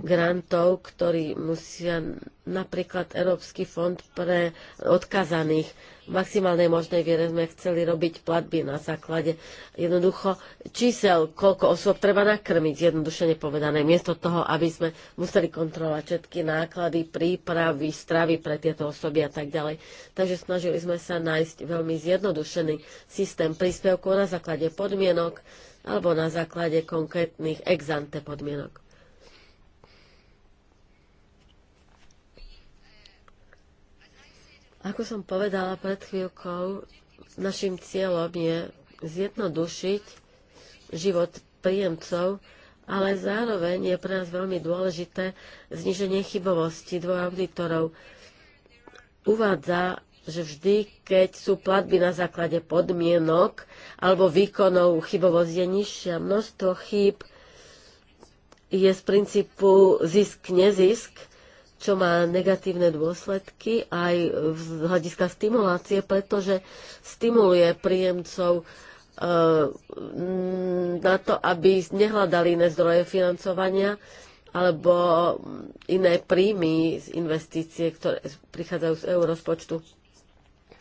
grantov, ktorí musia napríklad Európsky fond pre odkazaných. V maximálnej možnej viere sme chceli robiť platby na základe jednoducho čísel, koľko osôb treba nakrmiť, jednoduše nepovedané, miesto toho, aby sme museli kontrolovať všetky náklady, prípravy, stravy pre tieto osoby a tak ďalej. Takže snažili sme sa nájsť veľmi zjednodušený systém príspevkov na základe podmienok alebo na základe konkrétnych exante podmienok. Ako som povedala pred chvíľkou, našim cieľom je zjednodušiť život príjemcov, ale zároveň je pre nás veľmi dôležité zniženie chybovosti dvoj auditorov. Uvádza, že vždy, keď sú platby na základe podmienok alebo výkonov, chybovosť je nižšia. Množstvo chýb je z princípu zisk-nezisk čo má negatívne dôsledky aj z hľadiska stimulácie, pretože stimuluje príjemcov e, mm, na to, aby nehľadali iné zdroje financovania alebo iné príjmy z investície, ktoré prichádzajú z eurozpočtu.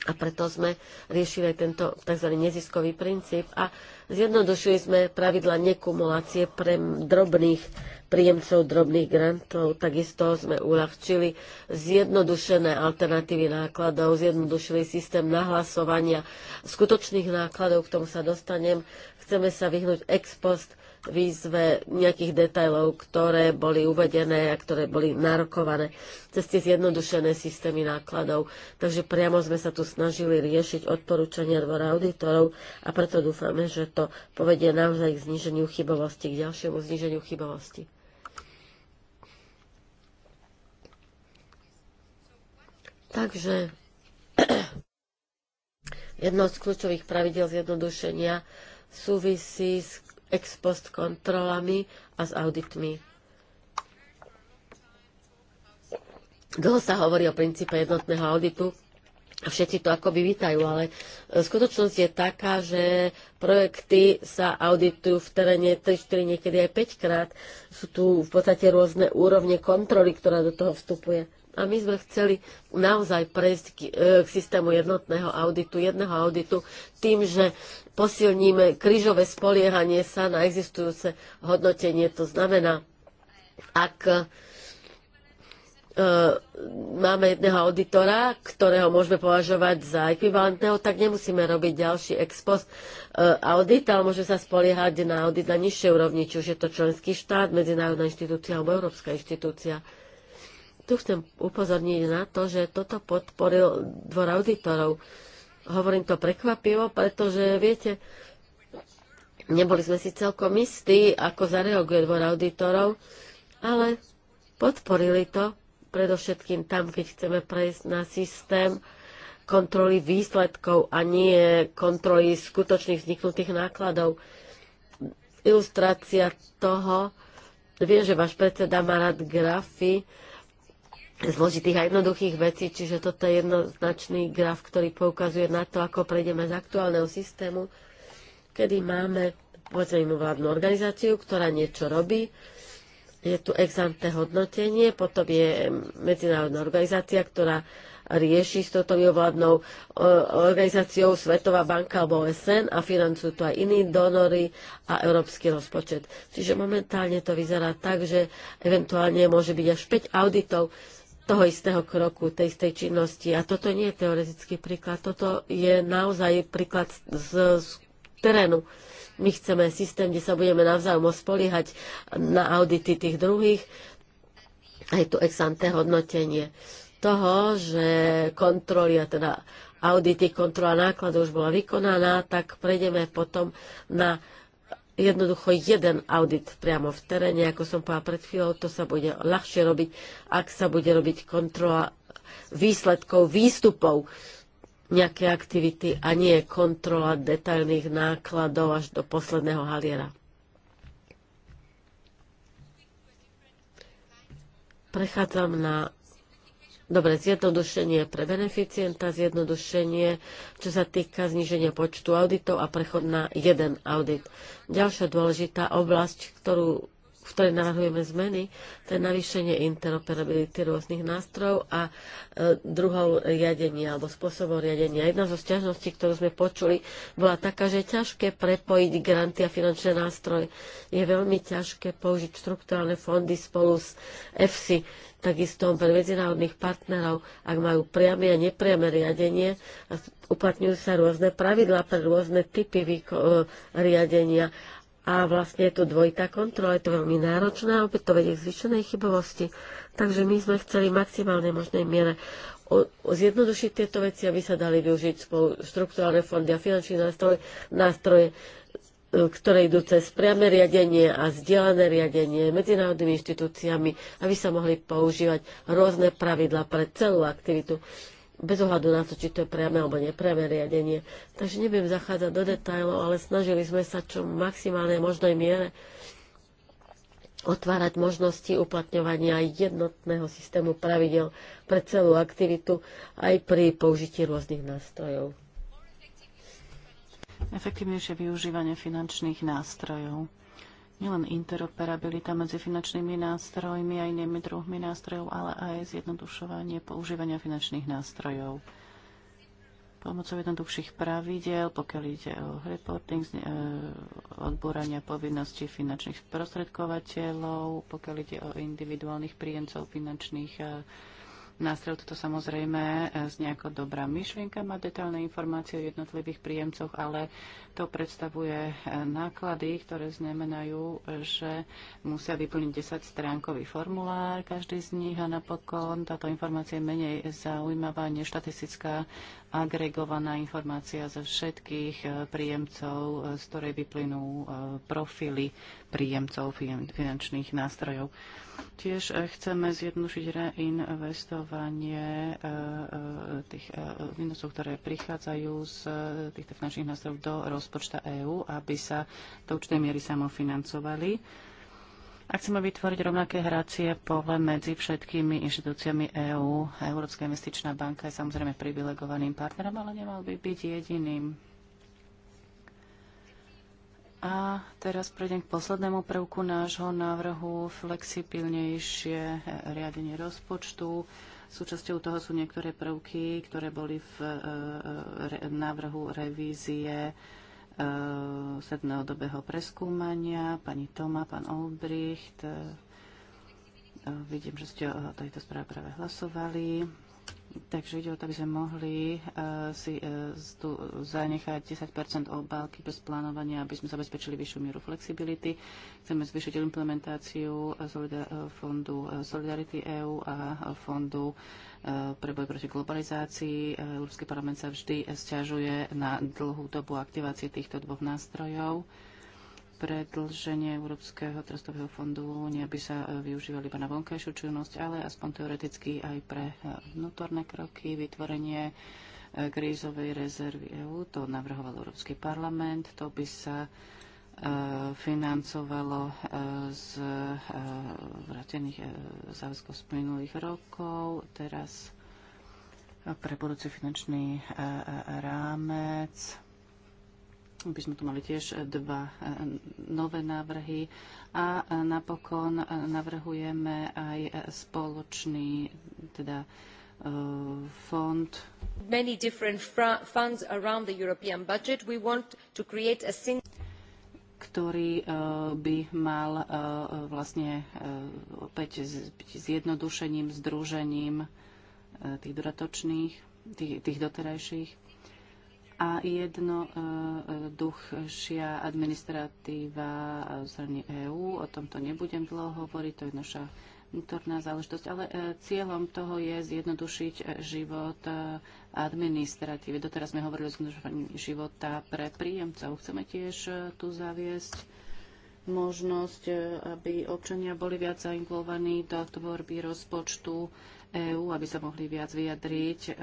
A preto sme riešili aj tento tzv. neziskový princíp a zjednodušili sme pravidla nekumulácie pre drobných príjemcov drobných grantov. Takisto sme uľahčili zjednodušené alternatívy nákladov, zjednodušili systém nahlasovania skutočných nákladov, k tomu sa dostanem. Chceme sa vyhnúť ex post výzve nejakých detajlov, ktoré boli uvedené a ktoré boli narokované cez tie zjednodušené systémy nákladov. Takže priamo sme sa tu snažili riešiť odporúčania dvora auditorov a preto dúfame, že to povedie naozaj k zniženiu chybovosti, k ďalšiemu zníženiu chybovosti. Takže jedno z kľúčových pravidel zjednodušenia súvisí s ex post kontrolami a s auditmi. Dlho sa hovorí o princípe jednotného auditu, a všetci to ako vítajú, ale e, skutočnosť je taká, že projekty sa auditujú v teréne 3, 4, niekedy aj 5 krát. Sú tu v podstate rôzne úrovne kontroly, ktorá do toho vstupuje. A my sme chceli naozaj prejsť k, e, k systému jednotného auditu, jedného auditu, tým, že posilníme krížové spoliehanie sa na existujúce hodnotenie. To znamená, ak e, máme jedného auditora, ktorého môžeme považovať za ekvivalentného, tak nemusíme robiť ďalší ex post e, audit, ale môže sa spoliehať na audit na nižšej úrovni, či už je to členský štát, medzinárodná inštitúcia alebo európska inštitúcia. Tu chcem upozorniť na to, že toto podporil dvor auditorov. Hovorím to prekvapivo, pretože viete, neboli sme si celkom istí, ako zareaguje dvor auditorov, ale podporili to predovšetkým tam, keď chceme prejsť na systém, kontroly výsledkov a nie kontroly skutočných vzniknutých nákladov. Ilustrácia toho, viem, že váš predseda má rád grafy, zložitých a jednoduchých vecí, čiže toto je jednoznačný graf, ktorý poukazuje na to, ako prejdeme z aktuálneho systému, kedy máme povedzme vládnu organizáciu, ktorá niečo robí, je tu ex hodnotenie, potom je medzinárodná organizácia, ktorá rieši s touto vládnou e, organizáciou Svetová banka alebo OSN a financujú to aj iní donory a európsky rozpočet. Čiže momentálne to vyzerá tak, že eventuálne môže byť až 5 auditov toho istého kroku, tej istej činnosti. A toto nie je teoretický príklad, toto je naozaj príklad z, z terénu. My chceme systém, kde sa budeme navzájom spoliehať na audity tých druhých, aj tu ex ante hodnotenie toho, že kontroly a teda audity, kontrola nákladov už bola vykonaná, tak prejdeme potom na jednoducho jeden audit priamo v teréne, ako som povedala pred chvíľou, to sa bude ľahšie robiť, ak sa bude robiť kontrola výsledkov, výstupov nejaké aktivity a nie kontrola detailných nákladov až do posledného haliera. Prechádzam na Dobre, zjednodušenie pre beneficienta, zjednodušenie, čo sa týka zníženia počtu auditov a prechod na jeden audit. Ďalšia dôležitá oblasť, ktorú, v ktorej navrhujeme zmeny, to je navýšenie interoperability rôznych nástrojov a e, druhou riadenia alebo spôsobom riadenia. Jedna zo stiažností, ktorú sme počuli, bola taká, že je ťažké prepojiť granty a finančné nástroje. Je veľmi ťažké použiť štruktúrálne fondy spolu s EFSI takisto pre medzinárodných partnerov, ak majú priame a nepriame riadenie, a uplatňujú sa rôzne pravidlá pre rôzne typy výko- e, riadenia a vlastne je to dvojitá kontrola, je to veľmi náročné a opäť to vedie k zvyšenej chybovosti. Takže my sme chceli v maximálnej možnej miere o, o zjednodušiť tieto veci, aby sa dali využiť spolu štruktúrálne fondy a finančné nástroje, nástroje E, ktoré idú cez priame riadenie a zdieľané riadenie medzinárodnými inštitúciami, aby sa mohli používať rôzne pravidla pre celú aktivitu, bez ohľadu na to, či to je priame alebo nepriame riadenie. Takže nebudem zachádzať do detajlov, ale snažili sme sa čo maximálne možnej miere otvárať možnosti uplatňovania jednotného systému pravidel pre celú aktivitu aj pri použití rôznych nástrojov efektívnejšie využívanie finančných nástrojov. Nielen interoperabilita medzi finančnými nástrojmi a inými druhmi nástrojov, ale aj zjednodušovanie používania finančných nástrojov pomocou jednoduchších pravidel, pokiaľ ide o reporting, e, odbúrania povinností finančných prostredkovateľov, pokiaľ ide o individuálnych príjemcov finančných e, nástrel toto samozrejme e, z nejako dobrá myšlienka, má detailné informácie o jednotlivých príjemcoch, ale to predstavuje e, náklady, ktoré znamenajú, že musia vyplniť 10 stránkový formulár každý z nich a napokon táto informácia je menej zaujímavá než štatistická agregovaná informácia zo všetkých e, príjemcov, e, z ktorej vyplynú e, profily príjemcov finančných nástrojov. Tiež chceme zjednušiť reinvestovanie tých výnosov, ktoré prichádzajú z týchto finančných nástrojov do rozpočta EÚ, aby sa do určitej miery samofinancovali a chceme vytvoriť rovnaké hracie pole medzi všetkými inštitúciami EÚ. EU. Európska investičná banka je samozrejme privilegovaným partnerom, ale nemal by byť jediným. A teraz prejdem k poslednému prvku nášho návrhu, flexibilnejšie riadenie rozpočtu. Súčasťou toho sú niektoré prvky, ktoré boli v e, e, návrhu revízie Eh, sedmodobého preskúmania, pani Toma, pán Olbricht. Eh, vidím, že ste o tejto správe práve hlasovali. Takže ide o to, aby sme mohli uh, si uh, tu zanechať 10 obálky bez plánovania, aby sme zabezpečili vyššiu mieru flexibility. Chceme zvyšiť implementáciu e, solida- fondu Solidarity EU a fondu uh, pre boj proti globalizácii. Európsky parlament sa vždy sťažuje na dlhú dobu aktivácie týchto dvoch nástrojov. Uh, predlženie Európskeho trestového fondu nie by sa e, využíval iba na vonkajšiu činnosť, ale aspoň teoreticky aj pre e, vnútorné kroky, vytvorenie e, krízovej rezervy EÚ. To navrhoval Európsky parlament. To by sa financovalo z vrátených záväzkov z minulých rokov. Teraz pre budúci finančný rámec by sme tu mali tiež e, dva e, nové návrhy. A e, napokon navrhujeme aj spoločný teda, fond. Many different funds around the European budget. We want to create a single ktorý by mal vlastne opäť s zjednodušením, združením tých dodatočných, tých, tých doterajších a jedno e, e, duchšia administratíva zrne EÚ. O tomto nebudem dlho hovoriť, to je naša vnútorná záležitosť, ale e, cieľom toho je zjednodušiť život administratívy. Doteraz sme hovorili o zjednodušení života pre príjemcov. Chceme tiež tu zaviesť možnosť, aby občania boli viac zainvolovaní do tvorby rozpočtu EÚ, aby sa mohli viac vyjadriť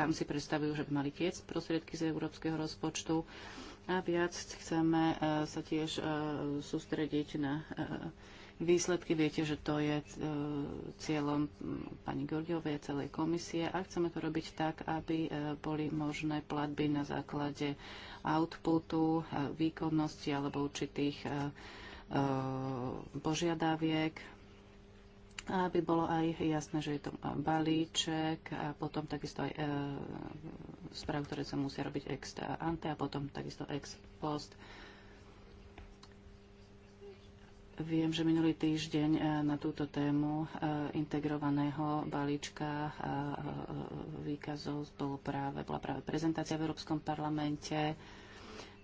kam si predstavujú, že by mali tiec prostriedky z európskeho rozpočtu. A viac chceme e, sa tiež e, sústrediť na e, výsledky. Viete, že to je cieľom pani Georgiovej a celej komisie a chceme to robiť tak, aby boli možné platby na základe outputu, výkonnosti alebo určitých požiadaviek aby bolo aj jasné, že je to balíček a potom takisto aj e, správ, ktoré sa musia robiť ex ante a potom takisto ex post. Viem, že minulý týždeň e, na túto tému e, integrovaného balíčka výkazov bolo práve, bola práve prezentácia v Európskom parlamente.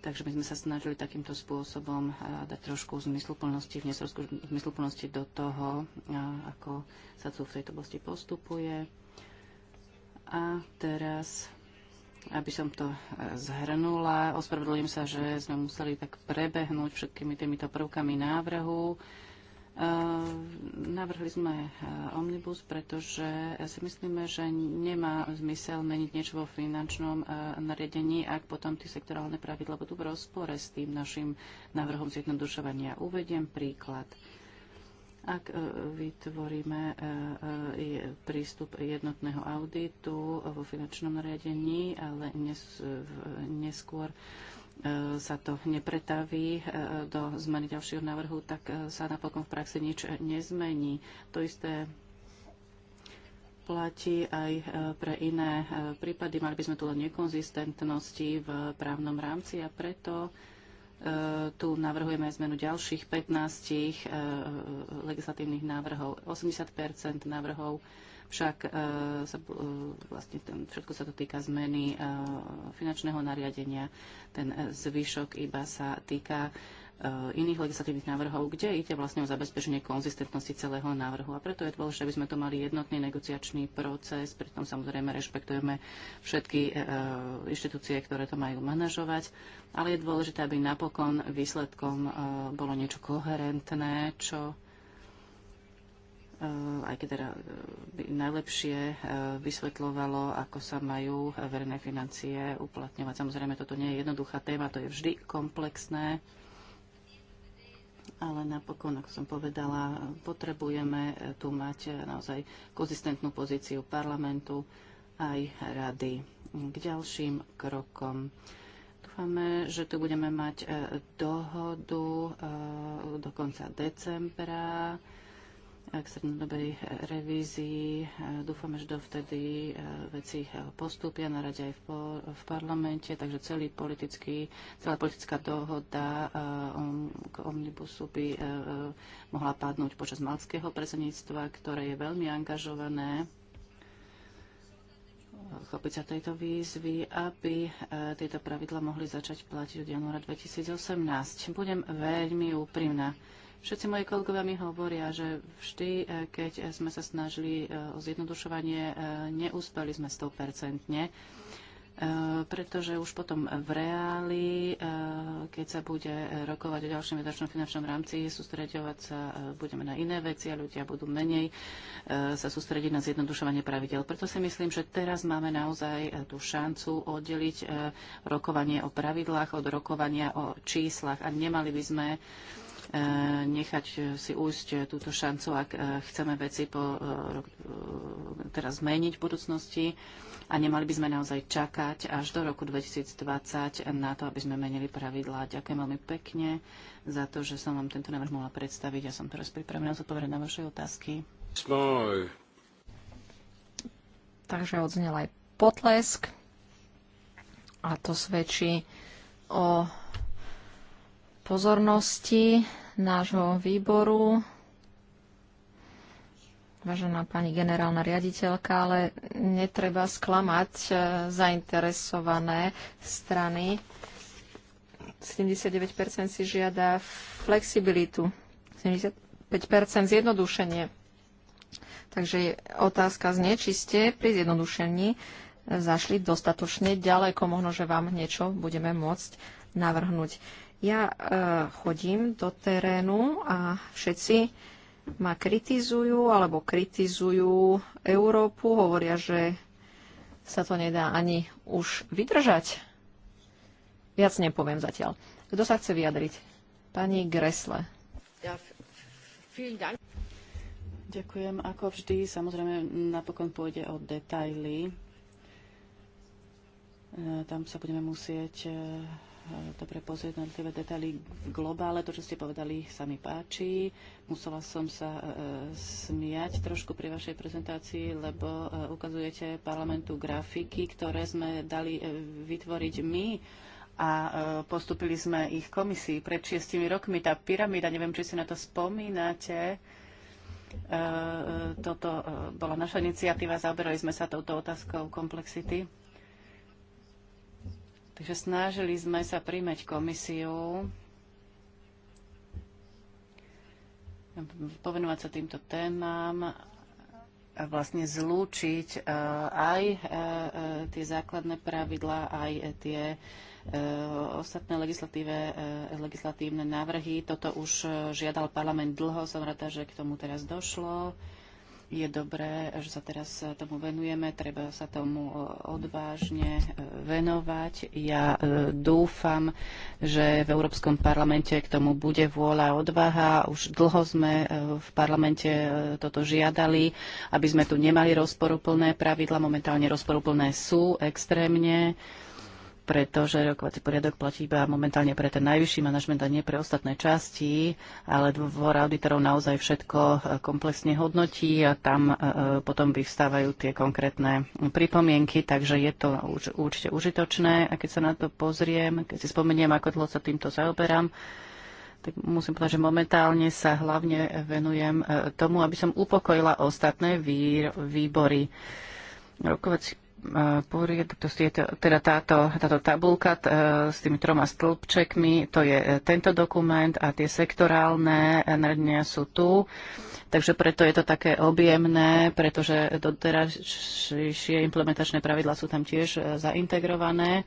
Takže my sme sa snažili takýmto spôsobom eh, dať trošku zmysluplnosti, vniesť trošku zmysluplnosti do toho, eh, ako sa tu v tejto oblasti postupuje. A teraz aby som to eh, zhrnula. Ospravedlňujem sa, že sme museli tak prebehnúť všetkými týmito prvkami návrhu. Ehm, navrhli sme eh, omnibus, pretože si myslíme, že nemá zmysel meniť niečo vo finančnom eh, nariadení, ak potom tie sektorálne pravidla budú v rozpore s tým našim návrhom zjednodušovania. Uvediem príklad. Ak eh, vytvoríme prístup jednotného auditu vo finančnom nariadení, ale neskôr E, sa to nepretaví e, do zmeny ďalšieho návrhu, tak e, sa napokon v praxi nič nezmení. To isté platí aj pre iné prípady. Mali by sme tu len nekonzistentnosti v právnom rámci a preto tu navrhujeme zmenu ďalších 15 legislatívnych návrhov. 80 návrhov však e, sa, e, vlastne ten, všetko sa to týka zmeny e, finančného nariadenia. Ten zvyšok iba sa týka iných legislatívnych návrhov, kde ide vlastne o zabezpečenie konzistentnosti celého návrhu. A preto je dôležité, aby sme to mali jednotný negociačný proces, pritom samozrejme rešpektujeme všetky e, inštitúcie, ktoré to majú manažovať, ale je dôležité, aby napokon výsledkom e, bolo niečo koherentné, čo Eh, aj keď teda eh, by najlepšie eh, vysvetľovalo, ako sa majú verejné financie uplatňovať. Samozrejme, toto nie je jednoduchá téma, to je vždy komplexné, ale napokon, ako som povedala, potrebujeme tu mať naozaj konzistentnú pozíciu parlamentu aj rady k ďalším krokom. Dúfame, že tu budeme mať dohodu do konca decembra k strednodobej revízii. Eh, dúfame, že dovtedy eh, veci eh, postúpia na rade aj v, v parlamente, takže celý politický, celá politická dohoda k omnibusu by mohla padnúť počas malského predsedníctva, ktoré je veľmi angažované chopiť sa tejto výzvy, aby tieto pravidla mohli začať platiť od januára 2018. Budem veľmi úprimná. Všetci moji kolegovia mi hovoria, že vždy, e, keď e, sme sa snažili e, o zjednodušovanie, neúspeli sme 100%. Pretože už potom v reáli, keď sa bude rokovať o ďalšom vedačnom finančnom rámci, sústreďovať sa budeme na iné veci a ľudia budú menej sa sústrediť na zjednodušovanie pravidel. Preto si myslím, že teraz máme naozaj tú šancu oddeliť rokovanie o pravidlách od rokovania o číslach a nemali by sme E, nechať e, si újsť e, túto šancu, ak chceme veci po, teraz zmeniť v budúcnosti a nemali by sme naozaj čakať až do roku 2020 na to, aby sme menili pravidlá. Ďakujem veľmi pekne za to, že som vám tento návrh mohla predstaviť. Ja som teraz pripravená zodpovedať na vaše otázky. Smoj. Takže odznel aj potlesk a to svedčí o pozornosti nášho výboru, vážená pani generálna riaditeľka, ale netreba sklamať e, zainteresované strany. 79% si žiada flexibilitu, 75% zjednodušenie. Takže otázka znie, či ste pri zjednodušení e, zašli dostatočne ďaleko. Možno, že vám niečo budeme môcť navrhnúť. Ja e, chodím do terénu a všetci ma kritizujú alebo kritizujú Európu, hovoria, že sa to nedá ani už vydržať. Viac nepoviem zatiaľ. Kto sa chce vyjadriť? Pani Gresle. Ja, Ďakujem. Ako vždy, samozrejme, napokon pôjde o detaily. E, tam sa budeme musieť e, dobre pozrieť na tie detaily v globále. To, čo ste povedali, sa mi páči. Musela som sa e, e, smiať trošku pri vašej prezentácii, lebo e, ukazujete parlamentu grafiky, ktoré sme dali vytvoriť my a postupili sme ich komisii pred šiestimi rokmi. Tá pyramída, neviem, či si na to spomínate, toto bola naša iniciatíva, zaoberali sme sa touto otázkou komplexity Takže snažili sme sa príjmať komisiu, povenovať sa týmto témam a vlastne zlúčiť e, aj e, e, tie základné pravidlá, aj tie ostatné legislatívne návrhy. Toto už žiadal parlament dlho, som rada, že k tomu teraz došlo. Je dobré, že sa teraz tomu venujeme, treba sa tomu e, odvážne e, venovať. Ja e, dúfam, že v Európskom parlamente k tomu bude vôľa a odvaha. Už dlho sme v parlamente toto žiadali, aby sme tu nemali rozporuplné pravidla. Momentálne rozporuplné sú extrémne pretože rokovací poriadok platí iba momentálne pre ten najvyšší manažment a nie pre ostatné časti, ale dvor auditorov naozaj všetko e, komplexne hodnotí a tam e, e, potom vyvstávajú tie konkrétne pripomienky, takže je to určite užitočné. A keď sa na to pozriem, keď si spomeniem, ako dlho sa týmto zaoberám, tak musím povedať, že momentálne sa hlavne venujem tomu, aby som upokojila ostatné výbory. Rokovací poriadok, to je teda táto, táto tabulka t, e, s tými troma stĺpčekmi, to je e, tento dokument a tie sektorálne nariadenia sú tu. Takže preto je to také objemné, pretože doterajšie implementačné pravidla sú tam tiež e, zaintegrované.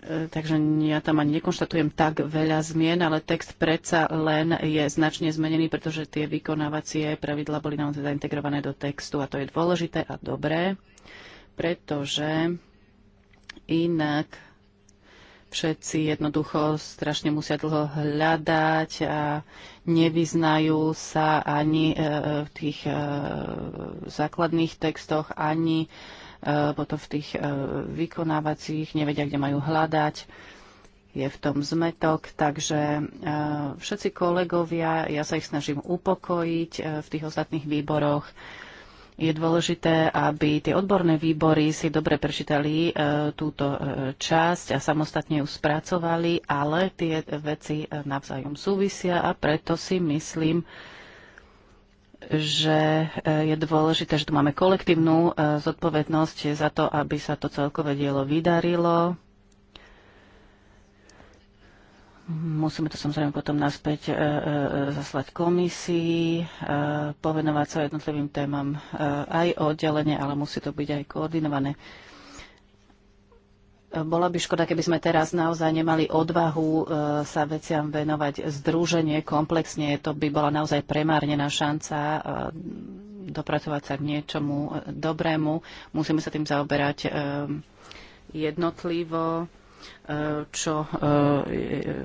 Takže ja tam ani nekonštatujem tak veľa zmien, ale text predsa len je značne zmenený, pretože tie vykonávacie pravidla boli naozaj zaintegrované do textu a to je dôležité a dobré pretože inak všetci jednoducho strašne musia dlho hľadať a nevyznajú sa ani e, e, v tých e, základných textoch, ani potom v tých vykonávacích, nevedia, kde majú hľadať. Je v tom zmetok, takže všetci kolegovia, ja sa ich snažím upokojiť v tých ostatných výboroch, je dôležité, aby tie odborné výbory si dobre prečítali e, túto e, časť a samostatne ju spracovali, ale tie veci e, navzájom súvisia a preto si myslím, že je dôležité, že tu máme kolektívnu zodpovednosť za to, aby sa to celkové dielo vydarilo Musíme to samozrejme potom naspäť e, e, e, zaslať komisii, e, povenovať sa jednotlivým témam e, aj oddelenie, ale musí to byť aj koordinované. Bola by škoda, keby sme teraz naozaj nemali odvahu e, sa veciam venovať združenie komplexne. To by bola naozaj premárnená šanca e, dopracovať sa k niečomu e, dobrému. Musíme sa tým zaoberať e, jednotlivo E, čo e,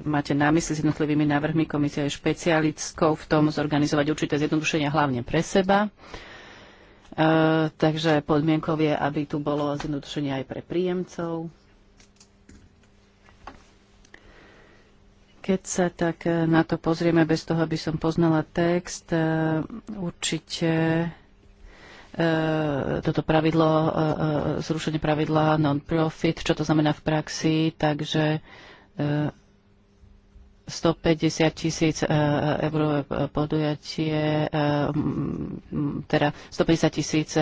máte na mysli s jednotlivými návrhmi. Komisia je špecialickou v tom zorganizovať určité zjednodušenia hlavne pre seba. E, takže podmienkou je, aby tu bolo zjednodušenie aj pre príjemcov. keď sa tak na to pozrieme, bez toho, aby som poznala text, určite E, toto pravidlo, e, e, zrušenie pravidla non-profit, čo to znamená v praxi, takže 150 tisíc eur podujatie, teda 150 tisíc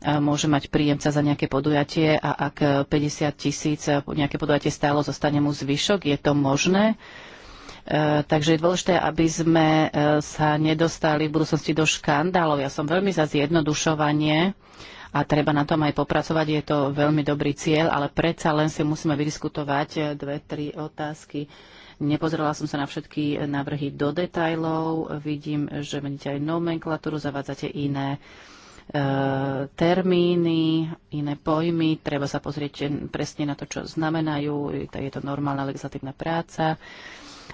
môže mať príjemca za nejaké podujatie a ak 50 tisíc nejaké podujatie stálo, zostane mu zvyšok, je to možné? E, takže je dôležité, aby sme e, sa nedostali v budúcnosti do škandálov. Ja som veľmi za zjednodušovanie a treba na tom aj popracovať. Je to veľmi dobrý cieľ, ale predsa len si musíme vydiskutovať e, dve, tri otázky. Nepozerala som sa na všetky návrhy do detajlov. Vidím, že meníte aj nomenklatúru, zavádzate iné termíny, iné pojmy, treba sa pozrieť presne na to, čo znamenajú, je to normálna legislatívna práca.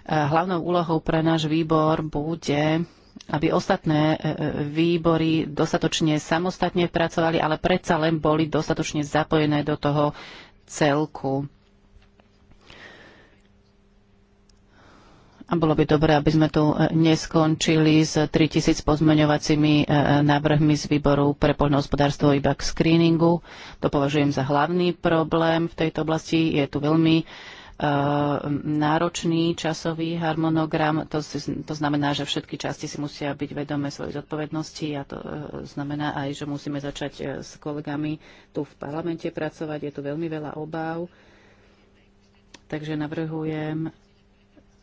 Hlavnou úlohou pre náš výbor bude aby ostatné e, e, výbory dostatočne samostatne pracovali, ale predsa len boli dostatočne zapojené do toho celku. A bolo by dobré, aby sme tu e, neskončili s 3000 pozmeňovacími návrhmi z výboru pre poľnohospodárstvo iba k screeningu. To považujem za hlavný problém v tejto oblasti. Je tu veľmi Eh, náročný časový harmonogram. To, to znamená, že všetky časti si musia byť vedomé svojej zodpovednosti a to eh, znamená aj, že musíme začať eh, s kolegami tu v parlamente pracovať. Je tu veľmi veľa obáv. Takže navrhujem,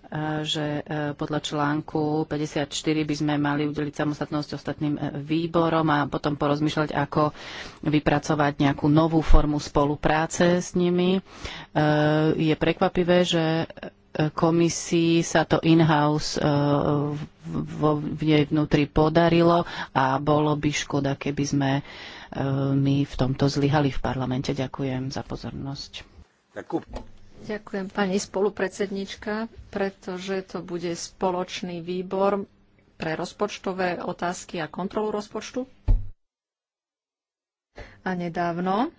E, že e, podľa článku 54 by sme mali udeliť samostatnosť ostatným e, výborom a potom porozmýšľať, ako vypracovať nejakú novú formu spolupráce s nimi. Je prekvapivé, že komisii sa to in-house v nej vnútri podarilo a bolo by škoda, keby sme my v tomto zlyhali v parlamente. Ďakujem za pozornosť. Ďakujem pani spolupredsednička, pretože to bude spoločný výbor pre rozpočtové otázky a kontrolu rozpočtu. A nedávno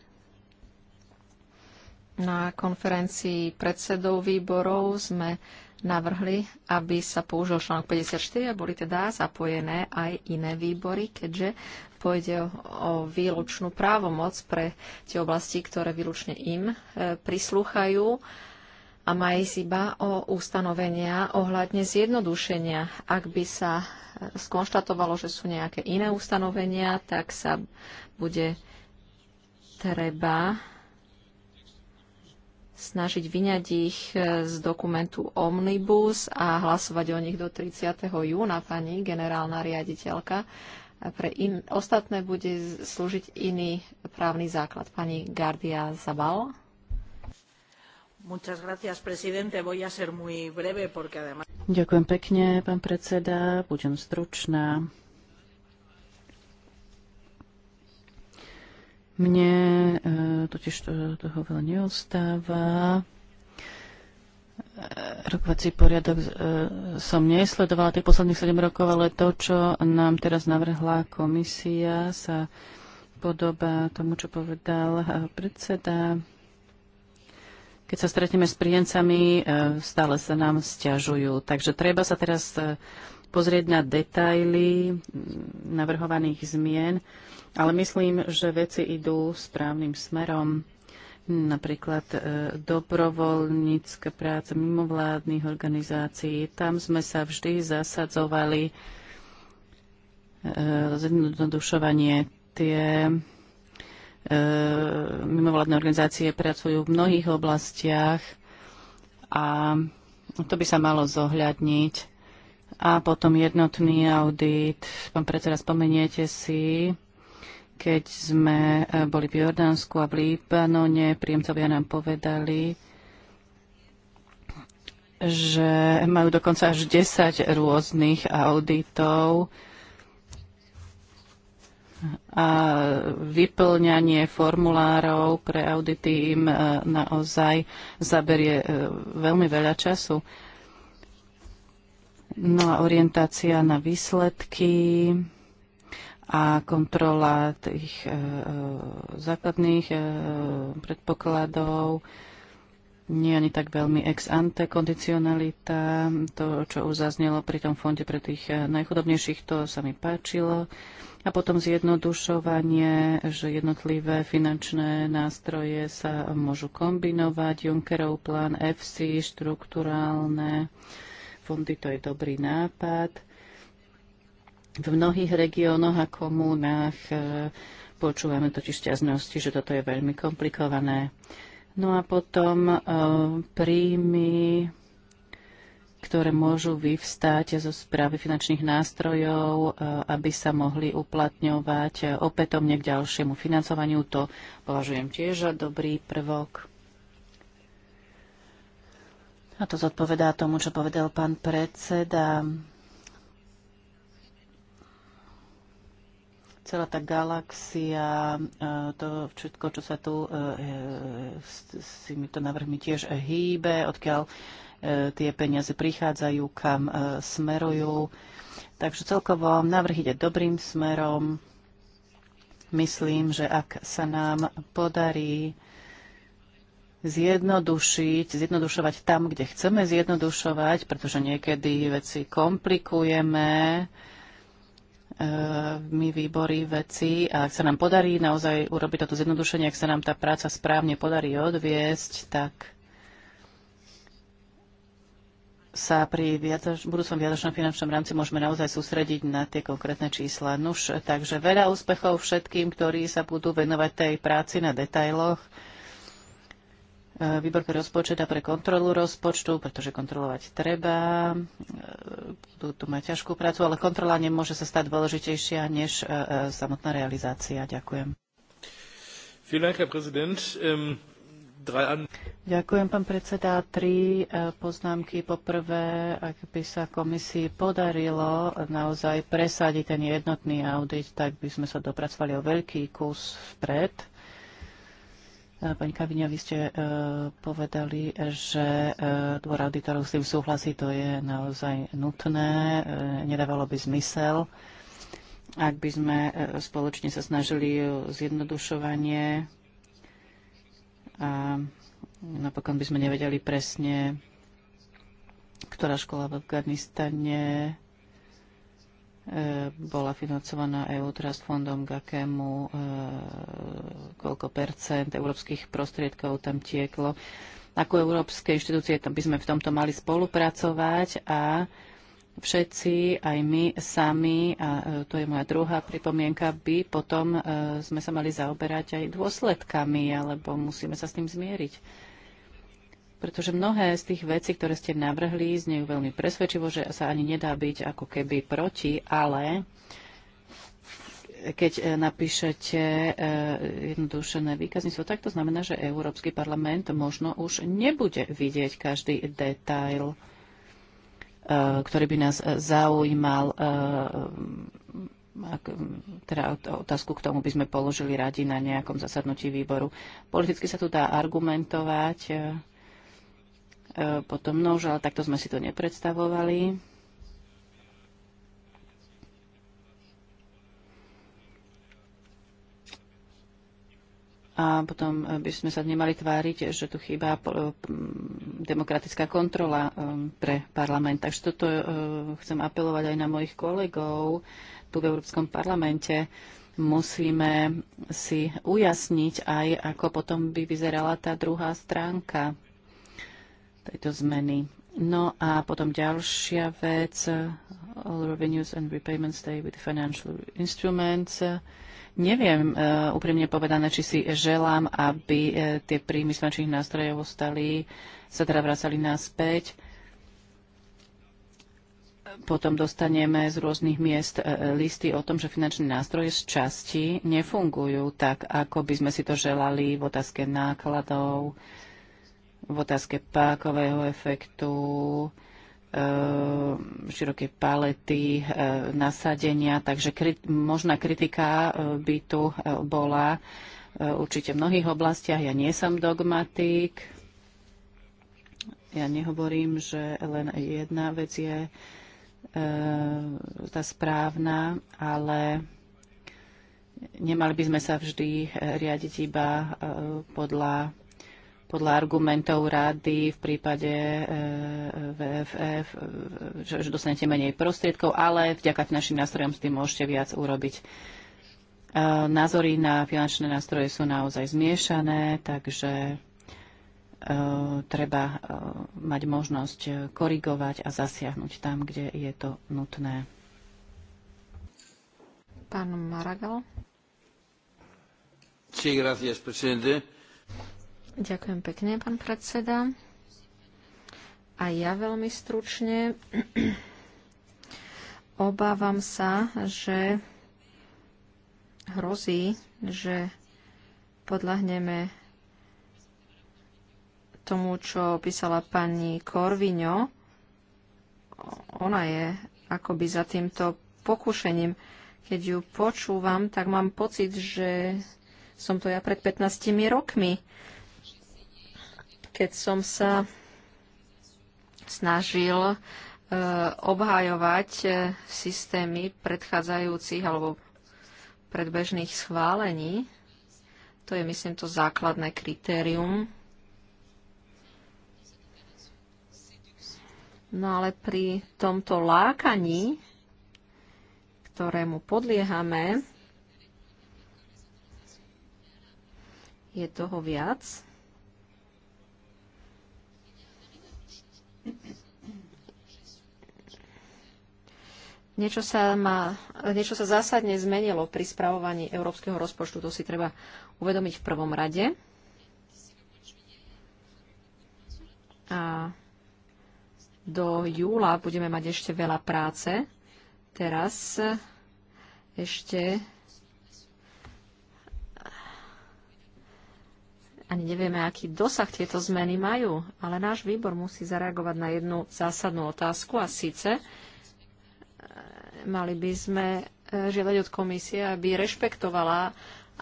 na konferencii predsedov výborov sme navrhli, aby sa použil článok 54 a boli teda zapojené aj iné výbory, keďže pôjde o výlučnú právomoc pre tie oblasti, ktoré výlučne im e, prislúchajú a má ísť iba o ustanovenia ohľadne zjednodušenia. Ak by sa e, skonštatovalo, že sú nejaké iné ustanovenia, tak sa bude treba snažiť vyňať ich e, z dokumentu Omnibus a hlasovať o nich do 30. júna, pani generálna riaditeľka pre in, ostatné bude slúžiť iný právny základ. Pani Gardia Zabal. Ďakujem pekne, pán predseda. Budem stručná. Mne e, totiž to, toho veľa neostáva rokovací poriadok e, som nesledovala tých posledných 7 rokov, ale to, čo nám teraz navrhla komisia, sa podobá tomu, čo povedal e, predseda. Keď sa stretneme s príjemcami, e, stále sa nám stiažujú. Takže treba sa teraz pozrieť na detaily navrhovaných zmien, ale myslím, že veci idú správnym smerom napríklad e, dobrovoľnícke práce mimovládnych organizácií. Tam sme sa vždy zasadzovali e, zjednodušovanie tie e, mimovládne organizácie pracujú v mnohých oblastiach a to by sa malo zohľadniť. A potom jednotný audit. Pán predseda, spomeniete si, keď sme eh, boli v Jordánsku a v Líbanone, príjemcovia nám povedali, že majú dokonca až 10 rôznych auditov a vyplňanie formulárov pre audity im eh, naozaj zaberie eh, veľmi veľa času. No a orientácia na výsledky, a kontrola tých e, e, základných e, predpokladov, nie ani tak veľmi ex ante kondicionalita. To, čo už zaznelo pri tom fonde pre tých najchudobnejších, to sa mi páčilo. A potom zjednodušovanie, že jednotlivé finančné nástroje sa môžu kombinovať. Junckerov plán FC, štruktúrálne fondy, to je dobrý nápad. V mnohých regiónoch a komunách e, počúvame totiž šťastnosti, že toto je veľmi komplikované. No a potom e, príjmy, ktoré môžu vyvstať zo správy finančných nástrojov, e, aby sa mohli uplatňovať opätovne k ďalšiemu financovaniu. To považujem tiež za dobrý prvok. A to zodpovedá tomu, čo povedal pán predseda. celá tá galaxia, e, to všetko, čo sa tu e, e, s týmito návrhmi tiež hýbe, odkiaľ tie peniaze prichádzajú, kam smerujú. Takže celkovo návrh ide dobrým smerom. Myslím, že ak sa nám podarí zjednodušiť, zjednodušovať tam, kde chceme zjednodušovať, pretože niekedy veci komplikujeme, my výbory veci a ak sa nám podarí naozaj urobiť toto zjednodušenie, ak sa nám tá práca správne podarí odviesť, tak sa pri viadoč- budúcom viadočnom finančnom rámci môžeme naozaj sústrediť na tie konkrétne čísla. Nuž, takže veľa úspechov všetkým, ktorí sa budú venovať tej práci na detailoch. E, výbor pre rozpočet a pre kontrolu rozpočtu, pretože kontrolovať treba. E, tu, tu má ťažkú prácu, ale kontrola nemôže sa stať dôležitejšia než e, samotná realizácia. Ďakujem. Ähm, Ďakujem, pán predseda. Tri poznámky. Poprvé, ak by sa komisii podarilo naozaj presadiť ten jednotný audit, tak by sme sa dopracovali o veľký kus vpred Eh, pani Kavinia, vy ste eh, povedali, že eh, dvor auditorov s tým súhlasí, to je naozaj nutné, nedávalo by zmysel, ak by sme spoločne sa snažili o zjednodušovanie a napokon by sme nevedeli presne, ktorá škola v Afganistane E, bola financovaná EU Trust fondom, k akému e, koľko percent európskych prostriedkov tam tieklo. Ako európske inštitúcie tam by sme v tomto mali spolupracovať a všetci, aj my sami, a e, to je moja druhá pripomienka, by potom e, sme sa mali zaoberať aj dôsledkami, alebo musíme sa s tým zmieriť pretože mnohé z tých vecí, ktoré ste navrhli, znejú veľmi presvedčivo, že sa ani nedá byť ako keby proti, ale keď e, napíšete e, jednodušené výkazníctvo, tak to znamená, že Európsky parlament možno už nebude vidieť každý detail, e, ktorý by nás zaujímal. Teda otázku k tomu by sme položili radi na nejakom zasadnutí výboru. Politicky sa tu dá argumentovať potom nož, ale takto sme si to nepredstavovali. A potom by sme sa nemali tváriť, že tu chýba eh, demokratická kontrola eh, pre parlament. Takže toto eh, chcem apelovať aj na mojich kolegov tu v Európskom parlamente musíme si ujasniť aj, ako potom by vyzerala tá druhá stránka tejto zmeny. No a potom ďalšia vec, all revenues and repayments stay with financial instruments. Neviem e, úprimne povedané, či si želám, aby e, tie príjmy z finančných nástrojov ostali, sa teda vracali naspäť. Potom dostaneme z rôznych miest e, listy o tom, že finančné nástroje z časti nefungujú tak, ako by sme si to želali v otázke nákladov, v otázke pákového efektu, eh, širokej palety eh, nasadenia, takže možná kritika eh, by tu bola určite v mnohých oblastiach. Ja nie som dogmatik. Ja nehovorím, že len jedna vec je tá správna, ale nemali by sme sa vždy riadiť iba podľa podľa argumentov rady v prípade e, VFF, že dostanete menej prostriedkov, ale vďaka našim nástrojom s tým môžete viac urobiť. E, názory na finančné nástroje sú naozaj zmiešané, takže e, treba mať možnosť korigovať a zasiahnuť tam, kde je to nutné. Pán Maragal. Sí, gracias, presidente. Ďakujem pekne, pán predseda. A ja veľmi stručne obávam sa, že hrozí, že podľahneme tomu, čo písala pani Korviňo. Ona je akoby za týmto pokušením. Keď ju počúvam, tak mám pocit, že som to ja pred 15 rokmi keď som sa snažil e, obhajovať e, systémy predchádzajúcich alebo predbežných schválení. To je, myslím, to základné kritérium. No ale pri tomto lákaní, ktorému podliehame, je toho viac. Niečo sa, má, niečo sa zásadne zmenilo pri spravovaní európskeho rozpočtu. To si treba uvedomiť v prvom rade. A do júla budeme mať ešte veľa práce. Teraz ešte ani nevieme, aký dosah tieto zmeny majú, ale náš výbor musí zareagovať na jednu zásadnú otázku a síce e, mali by sme e, žiadať od komisie, aby rešpektovala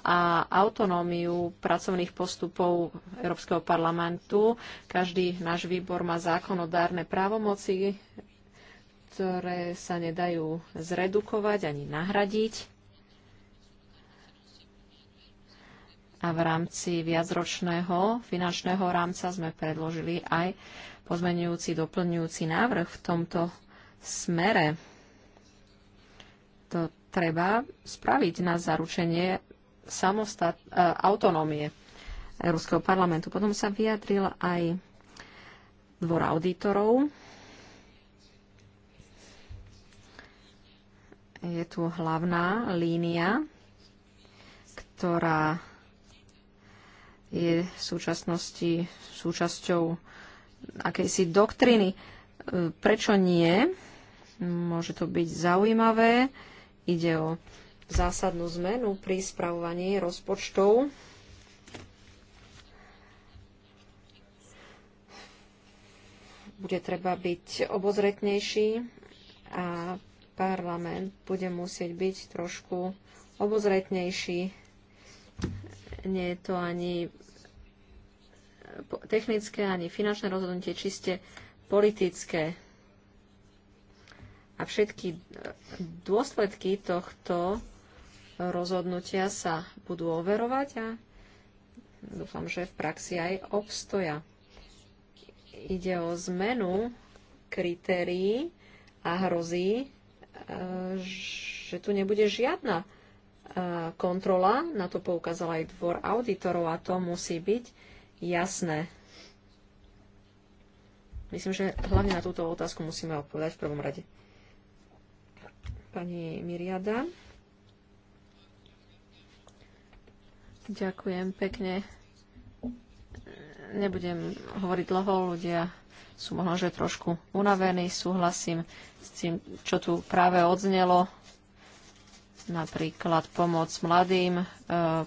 a autonómiu pracovných postupov Európskeho parlamentu. Každý náš výbor má zákonodárne právomoci, ktoré sa nedajú zredukovať ani nahradiť. a v rámci viacročného finančného rámca sme predložili aj pozmenujúci, doplňujúci návrh v tomto smere. To treba spraviť na zaručenie samostat- e, autonómie Európskeho parlamentu. Potom sa vyjadril aj dvor auditorov. Je tu hlavná línia, ktorá je v súčasnosti súčasťou akejsi doktriny. E, prečo nie? Môže to byť zaujímavé. Ide o zásadnú zmenu pri spravovaní rozpočtov. Bude treba byť obozretnejší a parlament bude musieť byť trošku obozretnejší. Nie je to ani technické ani finančné rozhodnutie, čiste politické. A všetky e, dôsledky tohto rozhodnutia sa budú overovať a dúfam, že v praxi aj obstoja. Ide o zmenu kritérií a hrozí, e, že tu nebude žiadna e, kontrola, na to poukázal aj dvor auditorov a to musí byť jasné. Myslím, že hlavne na túto otázku musíme odpovedať v prvom rade. Pani Miriada. Ďakujem pekne. Nebudem hovoriť dlho, ľudia sú možno, že trošku unavení, súhlasím s tým, čo tu práve odznelo napríklad pomoc mladým e,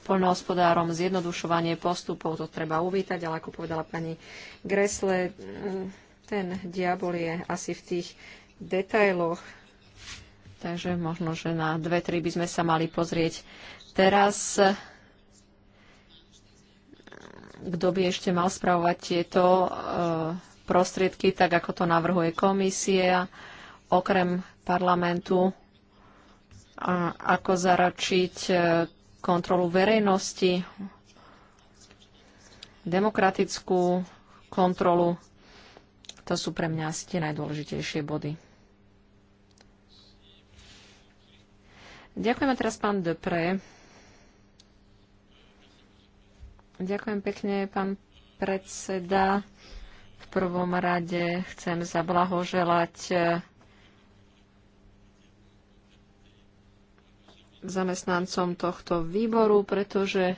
poľnohospodárom, zjednodušovanie postupov, to treba uvítať, ale ako povedala pani Gresle, ten diabol je asi v tých detailoch, takže možno, že na dve, tri by sme sa mali pozrieť teraz, kto by ešte mal spravovať tieto e, prostriedky, tak ako to navrhuje komisia, okrem parlamentu ako zaračiť e, kontrolu verejnosti, demokratickú kontrolu. To sú pre mňa tie najdôležitejšie body. Ďakujeme teraz pán Depre. Ďakujem pekne, pán predseda. V prvom rade chcem zablahoželať e, zamestnancom tohto výboru, pretože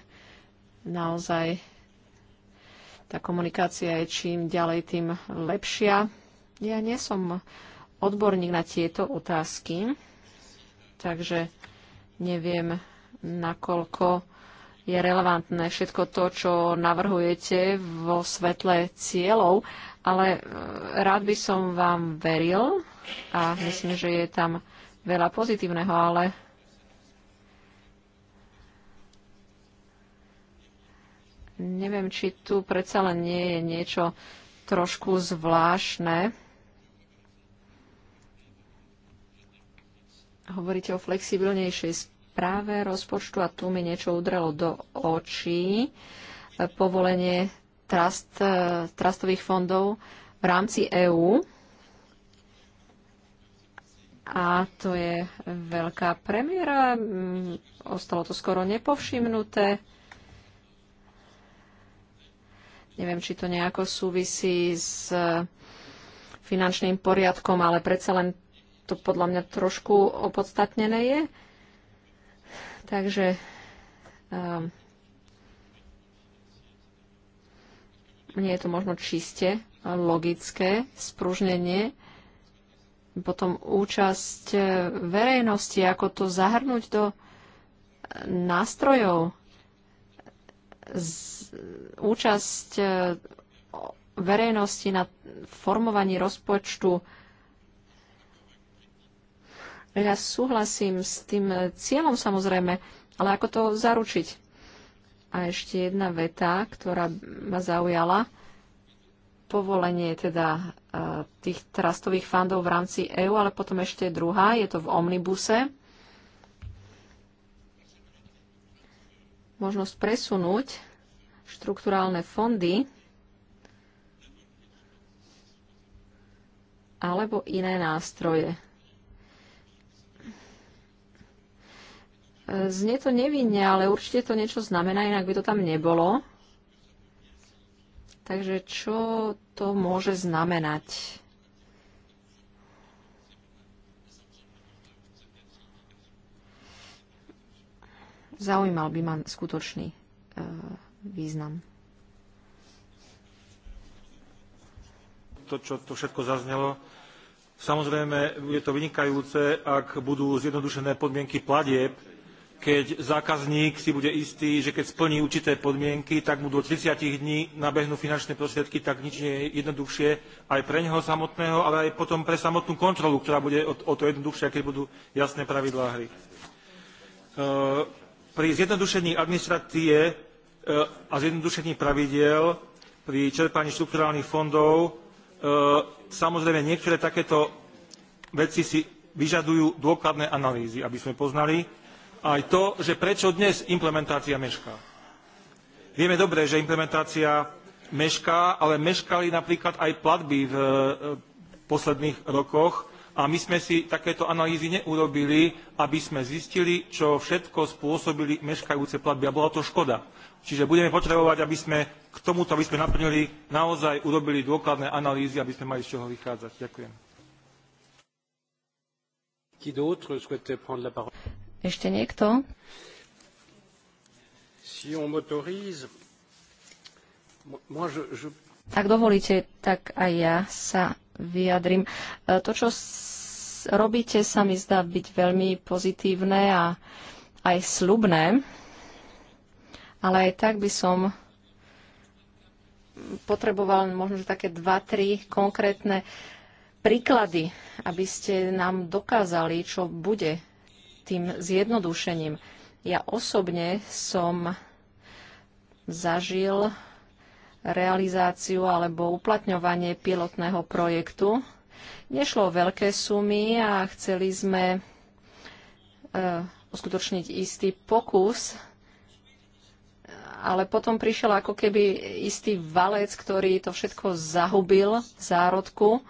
naozaj tá komunikácia je čím ďalej, tým lepšia. Ja nie som odborník na tieto otázky, takže neviem, nakoľko je relevantné všetko to, čo navrhujete vo svetle cieľov, ale e, rád by som vám veril a myslím, že je tam veľa pozitívneho, ale neviem, či tu predsa len nie je niečo trošku zvláštne. Hovoríte o flexibilnejšej správe rozpočtu a tu mi niečo udrelo do očí. Povolenie trust, eh, trustových fondov v rámci EÚ. A to je veľká premiéra. Mm, ostalo to skoro nepovšimnuté. Neviem, či to nejako súvisí s e, finančným poriadkom, ale predsa len to podľa mňa trošku opodstatnené je. Takže um, ehm, nie je to možno čiste logické spružnenie, potom účasť e, verejnosti, ako to zahrnúť do e, nástrojov účasť e, verejnosti na formovaní rozpočtu. Ja súhlasím s tým cieľom samozrejme, ale ako to zaručiť? A ešte jedna veta, ktorá ma zaujala. Povolenie teda e, tých trastových fandov v rámci EÚ, ale potom ešte druhá, je to v omnibuse. možnosť presunúť štruktúrálne fondy alebo iné nástroje. Znie to nevinne, ale určite to niečo znamená, inak by to tam nebolo. Takže čo to môže znamenať? Zaujímal by ma skutočný e, význam. To, čo to všetko zaznelo, samozrejme je to vynikajúce, ak budú zjednodušené podmienky platieb, keď zákazník si bude istý, že keď splní určité podmienky, tak mu do 30 dní nabehnú finančné prostriedky, tak nič nie je jednoduchšie aj pre neho samotného, ale aj potom pre samotnú kontrolu, ktorá bude o, to jednoduchšia, keď budú jasné pravidlá hry. E, pri zjednodušení administratíve e, a zjednodušení pravidiel pri čerpaní štrukturálnych fondov e, samozrejme niektoré takéto veci si vyžadujú dôkladné analýzy, aby sme poznali aj to, že prečo dnes implementácia mešká. Vieme dobre, že implementácia mešká, ale meškali napríklad aj platby v e, posledných rokoch a my sme si takéto analýzy neurobili, aby sme zistili, čo všetko spôsobili meškajúce platby. A bola to škoda. Čiže budeme potrebovať, aby sme k tomuto, aby sme naplnili, naozaj urobili dôkladné analýzy, aby sme mali z čoho vychádzať. Ďakujem. Ešte niekto? Ak dovolíte, tak aj ja sa vyjadrím. E, to, čo robíte, sa mi zdá byť veľmi pozitívne a aj slubné, ale aj tak by som potreboval možno také 2-3 konkrétne príklady, aby ste nám dokázali, čo bude tým zjednodušením. Ja osobne som zažil realizáciu alebo uplatňovanie pilotného projektu. Nešlo o veľké sumy a chceli sme e, uskutočniť istý pokus, ale potom prišiel ako keby istý valec, ktorý to všetko zahubil v zárodku. E,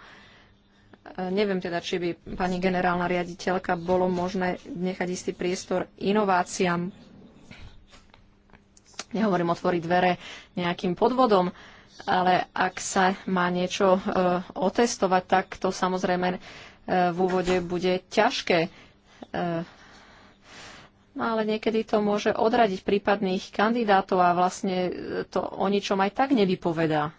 neviem teda, či by pani generálna riaditeľka bolo možné nechať istý priestor inováciám Nehovorím otvoriť dvere nejakým podvodom, ale ak sa má niečo e, otestovať, tak to samozrejme e, v úvode bude ťažké. E, no ale niekedy to môže odradiť prípadných kandidátov a vlastne e, to o ničom aj tak nevypovedá.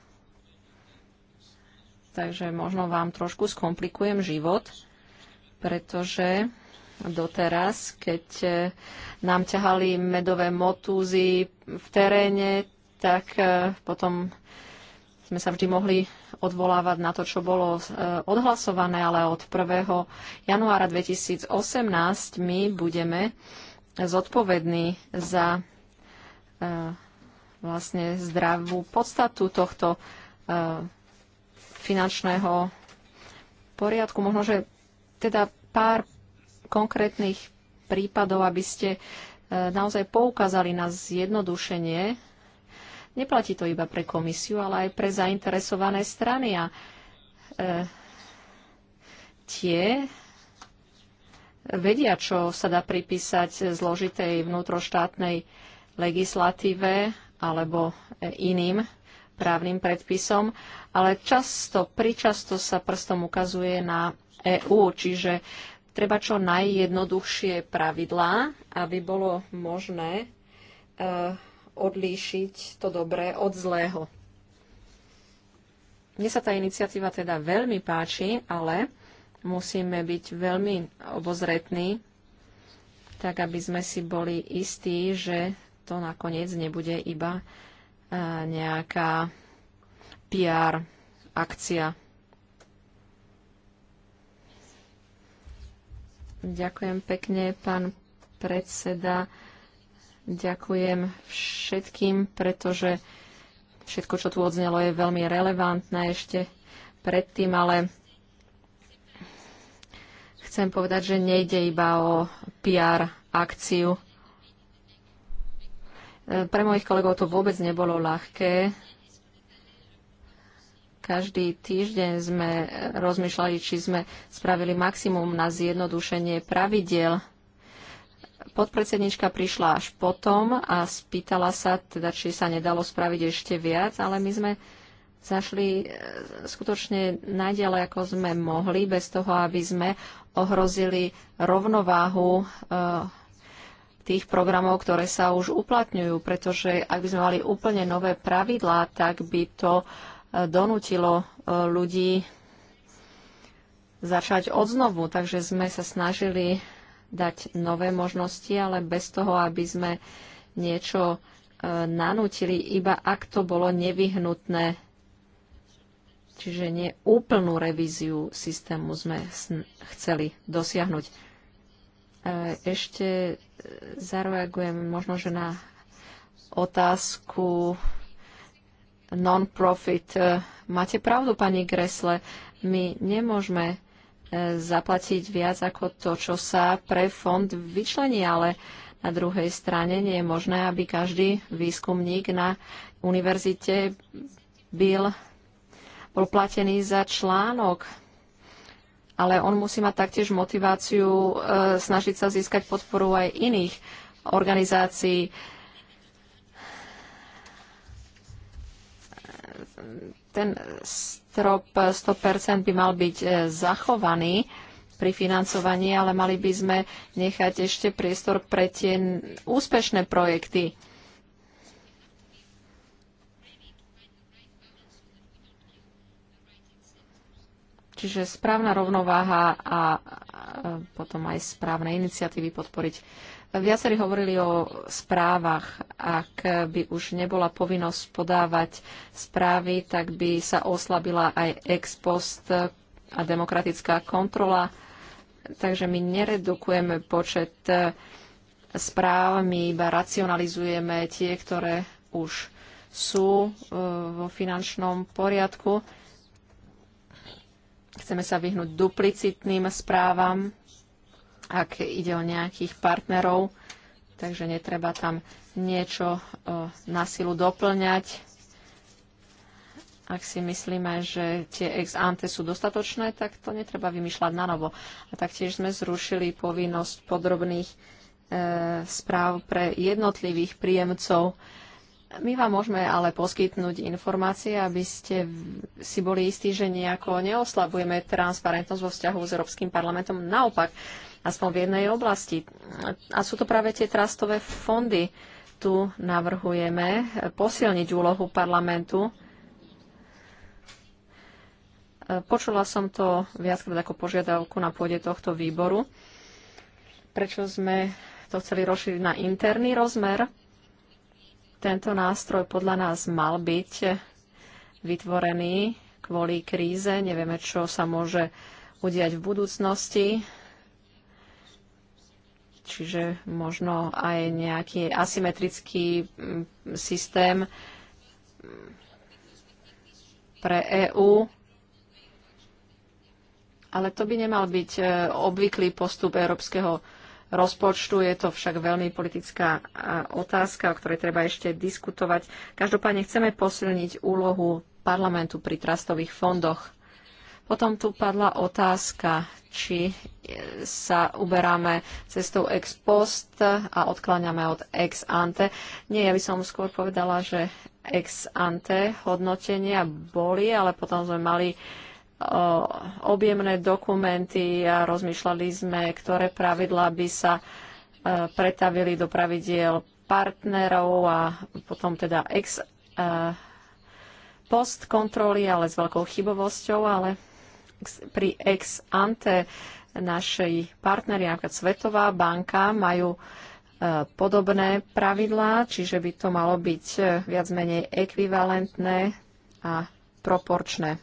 Takže možno vám trošku skomplikujem život, pretože doteraz, keď e, nám ťahali medové motúzy v teréne, tak e, potom sme sa vždy mohli odvolávať na to, čo bolo e, odhlasované, ale od 1. januára 2018 my budeme zodpovední za vlastne zdravú podstatu tohto finančného poriadku. Možno, že teda pár konkrétnych prípadov, aby ste e, naozaj poukázali na zjednodušenie. Neplatí to iba pre komisiu, ale aj pre zainteresované strany. A e, tie vedia, čo sa dá pripísať zložitej vnútroštátnej legislatíve alebo e, iným právnym predpisom, ale často, pričasto sa prstom ukazuje na EÚ, čiže treba čo najjednoduchšie pravidlá, aby bolo možné eh, odlíšiť to dobré od zlého. Mne sa tá iniciatíva teda veľmi páči, ale musíme byť veľmi obozretní, tak aby sme si boli istí, že to nakoniec nebude iba eh, nejaká PR akcia Ďakujem pekne, pán predseda. Ďakujem všetkým, pretože všetko, čo tu odznelo, je veľmi relevantné ešte predtým, ale chcem povedať, že nejde iba o PR akciu. E, pre mojich kolegov to vôbec nebolo ľahké každý týždeň sme rozmýšľali, či sme spravili maximum na zjednodušenie pravidiel. Podpredsednička prišla až potom a spýtala sa, teda, či sa nedalo spraviť ešte viac, ale my sme zašli e, skutočne najďalej, ako sme mohli, bez toho, aby sme ohrozili rovnováhu e, tých programov, ktoré sa už uplatňujú, pretože ak by sme mali úplne nové pravidlá, tak by to e, Eh, donútilo eh, ľudí začať odznovu. Takže sme sa snažili dať nové možnosti, ale bez toho, aby sme niečo eh, nanútili, iba ak to bolo nevyhnutné. Čiže nie úplnú revíziu systému sme chceli dosiahnuť. ešte zareagujem možno, že na otázku non-profit. E, máte pravdu, pani Gresle, my nemôžeme e, zaplatiť viac ako to, čo sa pre fond vyčlení, ale na druhej strane nie je možné, aby každý výskumník na univerzite byl, bol platený za článok ale on musí mať taktiež motiváciu e, snažiť sa získať podporu aj iných organizácií. E, ten strop 100% by mal byť e, zachovaný pri financovaní, ale mali by sme nechať ešte priestor pre tie úspešné projekty. Čiže správna rovnováha a potom aj správne iniciatívy podporiť. Viacerí hovorili o správach. Ak by už nebola povinnosť podávať správy, tak by sa oslabila aj ex post a demokratická kontrola. Takže my neredukujeme počet e, správ, my iba racionalizujeme tie, ktoré už sú e, vo finančnom poriadku. Chceme sa vyhnúť duplicitným správam, ak ide o nejakých partnerov, takže netreba tam niečo e, na silu doplňať. Ak si myslíme, že tie ex ante sú dostatočné, tak to netreba vymýšľať na novo. A taktiež sme zrušili povinnosť podrobných e, správ pre jednotlivých príjemcov. E, my vám môžeme ale poskytnúť informácie, aby ste si boli istí, že nejako neoslabujeme transparentnosť vo vzťahu s Európskym parlamentom. Naopak, aspoň v jednej oblasti. A sú to práve tie trastové fondy. Tu navrhujeme posilniť úlohu parlamentu. Počula som to viackrát ako požiadavku na pôde tohto výboru. Prečo sme to chceli rozšíriť na interný rozmer? Tento nástroj podľa nás mal byť vytvorený kvôli kríze. Nevieme, čo sa môže udiať v budúcnosti. Čiže možno aj nejaký asymetrický mm, systém mm, pre EÚ. Ale to by nemal byť e, obvyklý postup Európskeho rozpočtu. Je to však veľmi politická otázka, o ktorej treba ešte diskutovať. Každopádne chceme posilniť úlohu parlamentu pri trastových fondoch. Potom tu padla otázka, či e, sa uberáme cestou ex post a odkláňame od ex ante. Nie, ja by som skôr povedala, že ex ante hodnotenia boli, ale potom sme mali uh, objemné dokumenty a rozmýšľali sme, ktoré pravidlá by sa e, pretavili do pravidiel partnerov a potom teda ex e, post kontroly, ale s veľkou chybovosťou, ale pri ex ante našej partneri, ako Svetová banka, majú e, podobné pravidlá, čiže by to malo byť viac menej ekvivalentné a proporčné.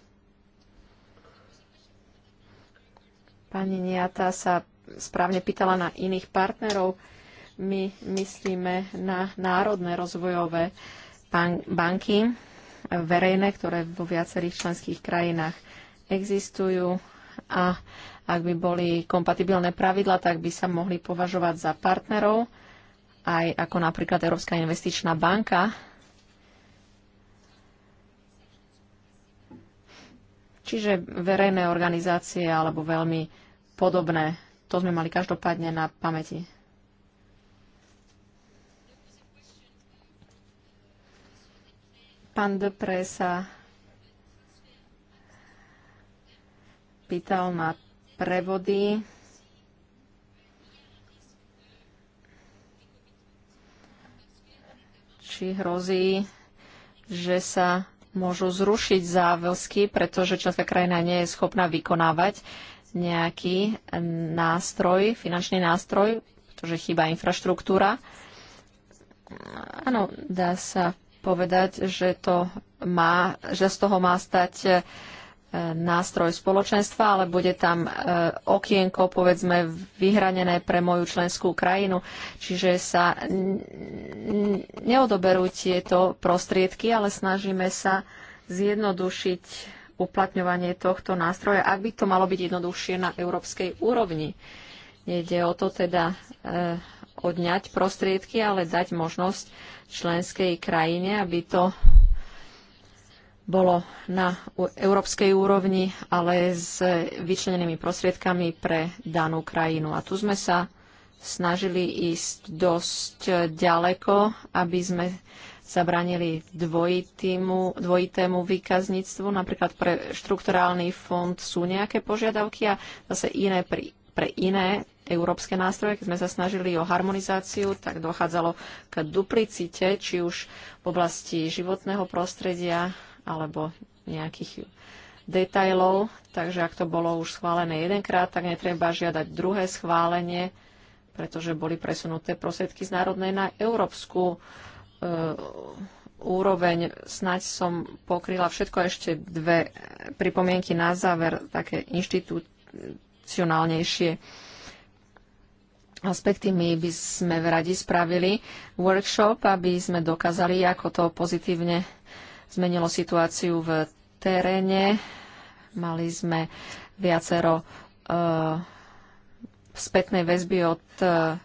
Pani Niata sa správne pýtala na iných partnerov. My myslíme na národné rozvojové banky verejné, ktoré vo viacerých členských krajinách existujú a ak by boli kompatibilné pravidla, tak by sa mohli považovať za partnerov aj ako napríklad Európska investičná banka, Čiže verejné organizácie alebo veľmi podobné. To sme mali každopádne na pamäti. Pán Depre sa pýtal na prevody. Či hrozí, že sa môžu zrušiť záväzky, pretože členská krajina nie je schopná vykonávať nejaký nástroj, finančný nástroj, pretože chýba infraštruktúra. Áno, dá sa povedať, že, to má, že z toho má stať nástroj spoločenstva, ale bude tam e, okienko, povedzme, vyhranené pre moju členskú krajinu. Čiže sa neodoberú tieto prostriedky, ale snažíme sa zjednodušiť uplatňovanie tohto nástroja, ak by to malo byť jednoduchšie na európskej úrovni. Nejde o to teda e, odňať prostriedky, ale dať možnosť členskej krajine, aby to bolo na európskej úrovni, ale s vyčlenenými prostriedkami pre danú krajinu. A tu sme sa snažili ísť dosť ďaleko, aby sme zabranili dvojitému, dvojitému výkazníctvu. Napríklad pre štrukturálny fond sú nejaké požiadavky a zase iné pri, pre iné európske nástroje, keď sme sa snažili o harmonizáciu, tak dochádzalo k duplicite, či už v oblasti životného prostredia alebo nejakých detajlov, takže ak to bolo už schválené jedenkrát, tak netreba žiadať druhé schválenie, pretože boli presunuté prosvedky z národnej na európsku e, úroveň. Snaď som pokryla všetko ešte dve pripomienky na záver, také inštitucionálnejšie aspekty. My by sme radi spravili workshop, aby sme dokázali, ako to pozitívne zmenilo situáciu v teréne. Mali sme viacero uh, spätnej väzby od e,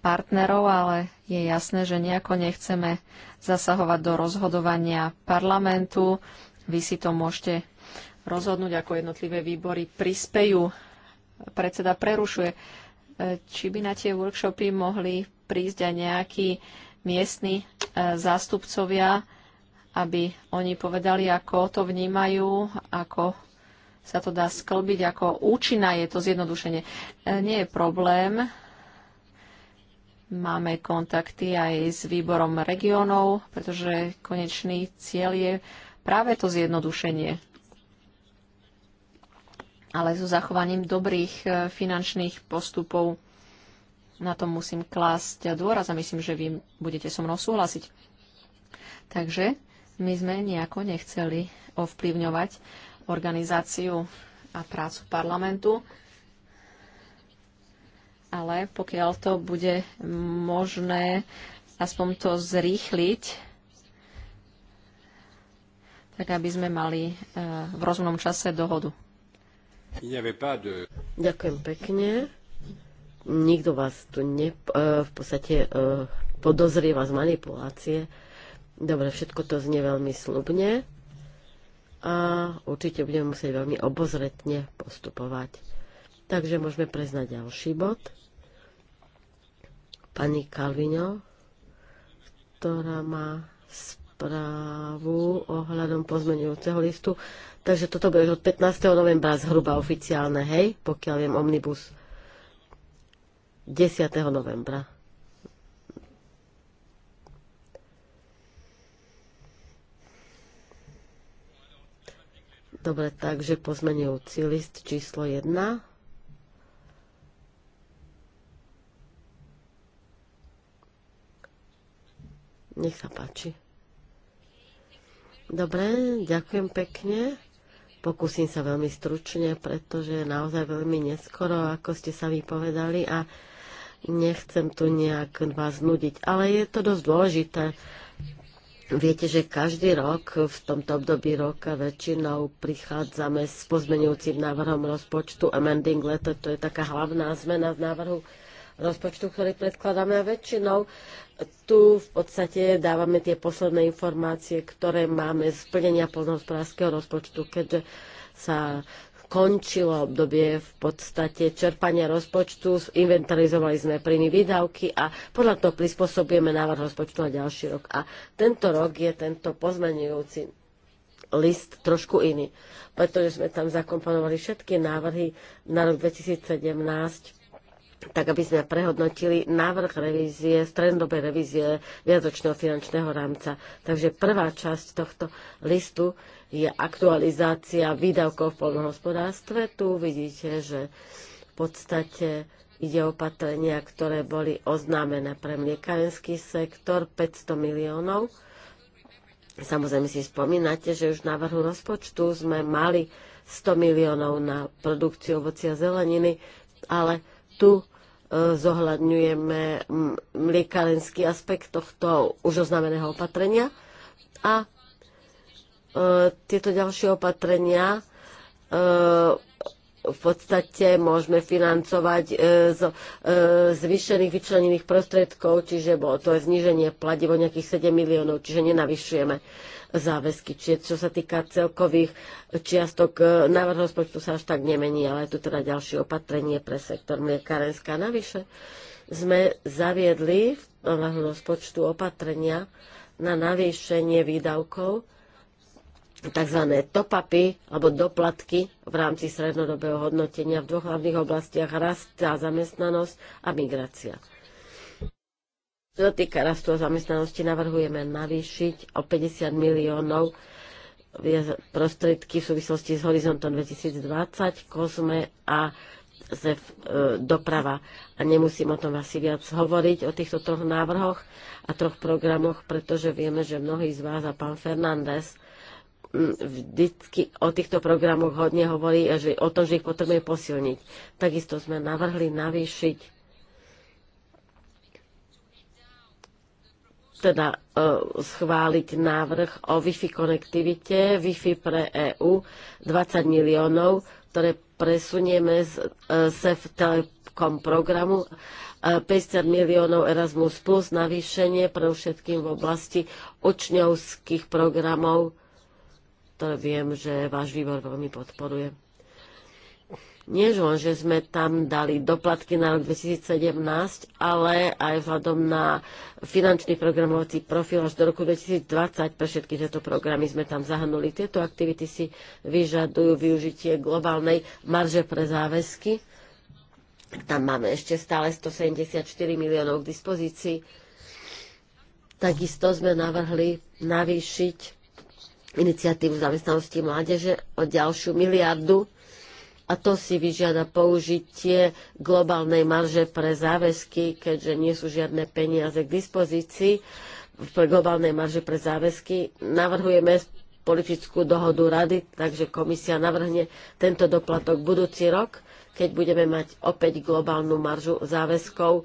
partnerov, ale je jasné, že nejako nechceme zasahovať do rozhodovania parlamentu. Vy si to môžete rozhodnúť, ako jednotlivé výbory prispejú. Predseda prerušuje. E, či by na tie workshopy mohli prísť aj nejakí miestni zástupcovia aby oni povedali, ako to vnímajú, ako sa to dá sklbiť, ako účinná je to zjednodušenie. E, nie je problém. Máme kontakty aj s výborom regionov, pretože konečný cieľ je práve to zjednodušenie. Ale so zachovaním dobrých e, finančných postupov na tom musím klásť dôraz a myslím, že vy budete so mnou súhlasiť. Takže my sme nejako nechceli ovplyvňovať organizáciu a prácu parlamentu, ale pokiaľ to bude možné aspoň to zrýchliť, tak aby sme mali e, v rozumnom čase dohodu. Ďakujem pekne. Nikto vás tu ne, e, v podstate e, podozrieva z manipulácie. Dobre, všetko to znie veľmi slubne a určite budeme musieť veľmi obozretne postupovať. Takže môžeme prejsť na ďalší bod. Pani Kalvino, ktorá má správu ohľadom pozmenujúceho listu. Takže toto bude od 15. novembra zhruba oficiálne, hej, pokiaľ viem Omnibus 10. novembra. Dobre, takže pozmenujúci list číslo 1. Nech sa páči. Dobre, ďakujem pekne. Pokúsim sa veľmi stručne, pretože je naozaj veľmi neskoro, ako ste sa vypovedali a nechcem tu nejak vás nudiť. Ale je to dosť dôležité Viete, že každý rok v tomto období roka väčšinou prichádzame s pozmenujúcim návrhom rozpočtu amending letter, to je taká hlavná zmena v návrhu rozpočtu, ktorý predkladáme a väčšinou tu v podstate dávame tie posledné informácie, ktoré máme z plnenia polnohospodárskeho rozpočtu, keďže sa končilo obdobie v podstate čerpania rozpočtu, inventarizovali sme príjmy výdavky a podľa toho prispôsobujeme návrh rozpočtu na ďalší rok. A tento rok je tento pozmenujúci list trošku iný, pretože sme tam zakomponovali všetky návrhy na rok 2017 tak aby sme prehodnotili návrh revízie, strednodobej revízie viacočného finančného rámca. Takže prvá časť tohto listu je aktualizácia výdavkov v polnohospodárstve. Tu vidíte, že v podstate ide opatrenia, ktoré boli oznámené pre mliekarenský sektor 500 miliónov. Samozrejme si spomínate, že už na vrhu rozpočtu sme mali 100 miliónov na produkciu ovocia a zeleniny, ale tu e, zohľadňujeme mliekarenský aspekt tohto už oznámeného opatrenia a E, tieto ďalšie opatrenia e, v podstate môžeme financovať e, z zvýšených vyčlenených prostriedkov, čiže bolo to je zníženie platieb nejakých 7 miliónov, čiže nenavyšujeme záväzky. Čiže čo sa týka celkových čiastok, návrh rozpočtu sa až tak nemení, ale je tu teda ďalšie opatrenie pre sektor mliekárenská. Navyše sme zaviedli v návrhu rozpočtu opatrenia na navýšenie výdavkov tzv. topapy alebo doplatky v rámci strednodobého hodnotenia v dvoch hlavných oblastiach rast a zamestnanosť a migrácia. Čo sa týka rastu a zamestnanosti, navrhujeme navýšiť o 50 miliónov prostriedky v súvislosti s Horizontom 2020, Kozme a ZEF e, doprava. A nemusím o tom asi viac hovoriť, o týchto troch návrhoch a troch programoch, pretože vieme, že mnohí z vás a pán Fernández vždy o týchto programoch hodne hovorí a že, o tom, že ich potrebujeme posilniť. Takisto sme navrhli navýšiť teda uh, schváliť návrh o Wi-Fi konektivite, Wi-Fi pre EU 20 miliónov, ktoré presunieme z uh, SEF Telekom programu, uh, e, 50 miliónov Erasmus plus navýšenie pre všetkým v oblasti učňovských programov ktoré viem, že váš výbor veľmi podporuje. Nie len, že sme tam dali doplatky na rok 2017, ale aj vzhľadom na finančný programovací profil až do roku 2020 pre všetky tieto programy sme tam zahrnuli. Tieto aktivity si vyžadujú využitie globálnej marže pre záväzky. Tam máme ešte stále 174 miliónov k dispozícii. Takisto sme navrhli navýšiť iniciatívu zamestnanosti mládeže o ďalšiu miliardu a to si vyžiada použitie globálnej marže pre záväzky, keďže nie sú žiadne peniaze k dispozícii pre globálnej marže pre záväzky. Navrhujeme politickú dohodu rady, takže komisia navrhne tento doplatok budúci rok, keď budeme mať opäť globálnu maržu záväzkov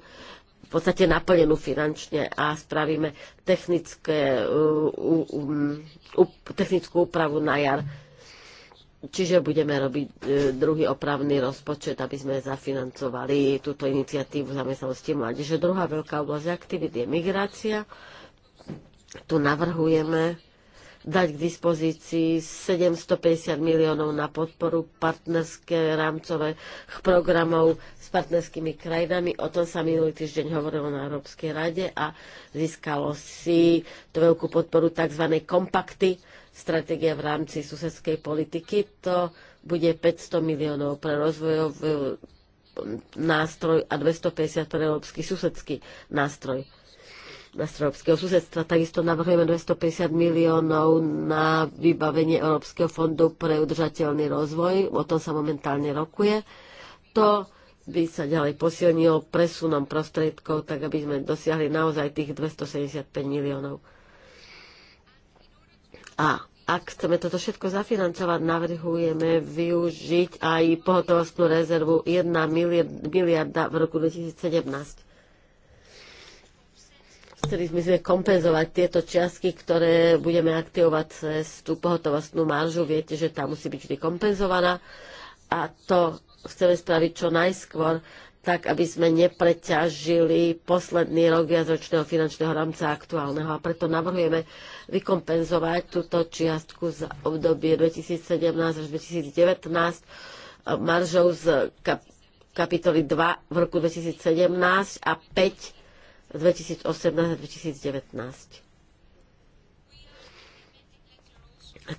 v podstate naplnenú finančne a spravíme technické, uh, um, uh, technickú úpravu na jar. Čiže budeme robiť e, druhý opravný rozpočet, aby sme zafinancovali túto iniciatívu zamestnanosti Že Druhá veľká oblasť aktivít je migrácia. Tu navrhujeme dať k dispozícii 750 miliónov na podporu partnerské rámcových programov s partnerskými krajinami. O tom sa minulý týždeň hovorilo na Európskej rade a získalo si tú veľkú podporu tzv. kompakty, stratégia v rámci susedskej politiky. To bude 500 miliónov pre rozvojový nástroj a 250 pre európsky susedský nástroj európskeho susedstva. Takisto navrhujeme 250 miliónov na vybavenie Európskeho fondu pre udržateľný rozvoj. O tom sa momentálne rokuje. To by sa ďalej posilnilo presunom prostriedkov, tak aby sme dosiahli naozaj tých 275 miliónov. A ak chceme toto všetko zafinancovať, navrhujeme využiť aj pohotovostnú rezervu 1 miliarda v roku 2017 Chceli sme sme kompenzovať tieto čiastky, ktoré budeme aktivovať cez tú pohotovostnú maržu. Viete, že tá musí byť vždy kompenzovaná a to chceme spraviť čo najskôr, tak aby sme nepreťažili posledný rok viacročného finančného rámca aktuálneho. A preto navrhujeme vykompenzovať túto čiastku z obdobie 2017 až 2019 maržou z kapitoly 2 v roku 2017 a 5 2018 a 2019.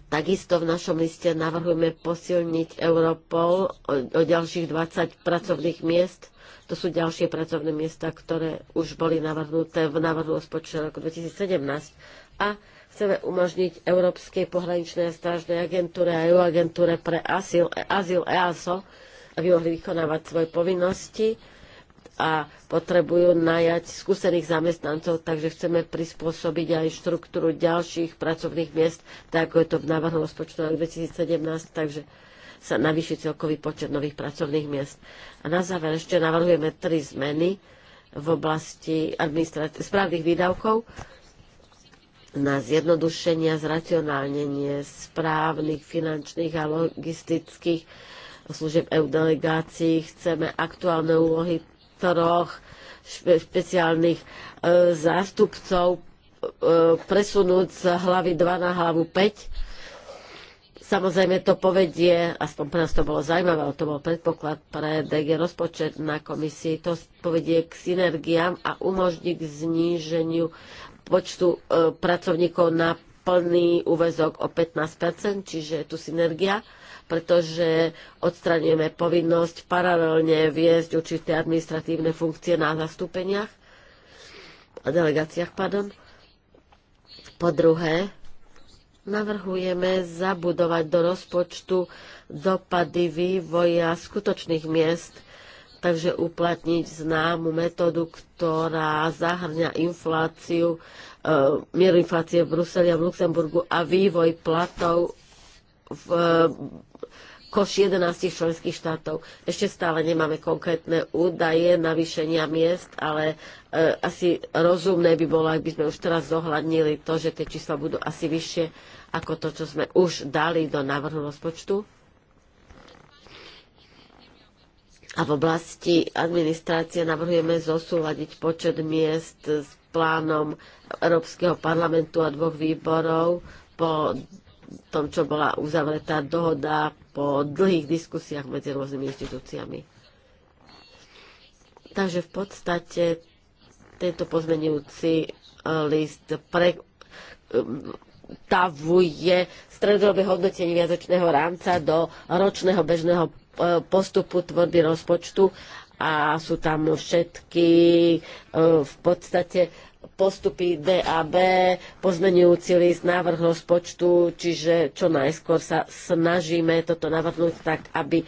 Takisto v našom liste navrhujeme posilniť Europol o, o ďalších 20 pracovných miest. To sú ďalšie pracovné miesta, ktoré už boli navrhnuté v návrhu rozpočtu roku 2017. A chceme umožniť Európskej pohraničnej a strážnej agentúre a EU agentúre pre e, azyl, EASO, aby mohli vykonávať svoje povinnosti a potrebujú najať skúsených zamestnancov, takže chceme prispôsobiť aj štruktúru ďalších pracovných miest, tak ako je to v návrhu rozpočtu na 2017, takže sa navýši celkový počet nových pracovných miest. A na záver ešte navrhujeme tri zmeny v oblasti správnych výdavkov na zjednodušenie a zracionálnenie správnych finančných a logistických služieb EU delegácií. Chceme aktuálne úlohy troch špe, špeciálnych e, zástupcov e, presunúť z hlavy 2 na hlavu 5. Samozrejme to povedie, aspoň pre nás to bolo zaujímavé, to bol predpoklad pre DG rozpočet na komisii, to povedie k synergiám a umožní k zníženiu počtu e, pracovníkov na plný úvezok o 15%, čiže je tu synergia. E, pretože odstraňujeme povinnosť paralelne viesť určité administratívne funkcie na zastúpeniach a delegáciách, pardon. Po druhé, navrhujeme zabudovať do rozpočtu dopady vývoja skutočných miest, takže uplatniť známu metódu, ktorá zahrňa infláciu, e, mieru inflácie v Bruseli a v Luxemburgu a vývoj platov v eh, koš 11 členských štátov. Ešte stále nemáme konkrétne údaje navýšenia miest, ale e, asi rozumné by bolo, ak by sme už teraz zohľadnili to, že tie čísla budú asi vyššie ako to, čo sme už dali do návrhu rozpočtu. A v oblasti administrácie navrhujeme zosúľadiť počet miest s plánom Európskeho parlamentu a dvoch výborov po tom, čo bola uzavretá dohoda po dlhých diskusiách medzi rôznymi inštitúciami. Takže v podstate tento pozmenujúci e, list pre, stredové e, stredobé hodnotenie viazočného rámca do ročného bežného e, postupu tvorby rozpočtu a sú tam všetky v podstate postupy DAB, pozmenujúci list, návrh rozpočtu, čiže čo najskôr sa snažíme toto navrhnúť tak, aby e,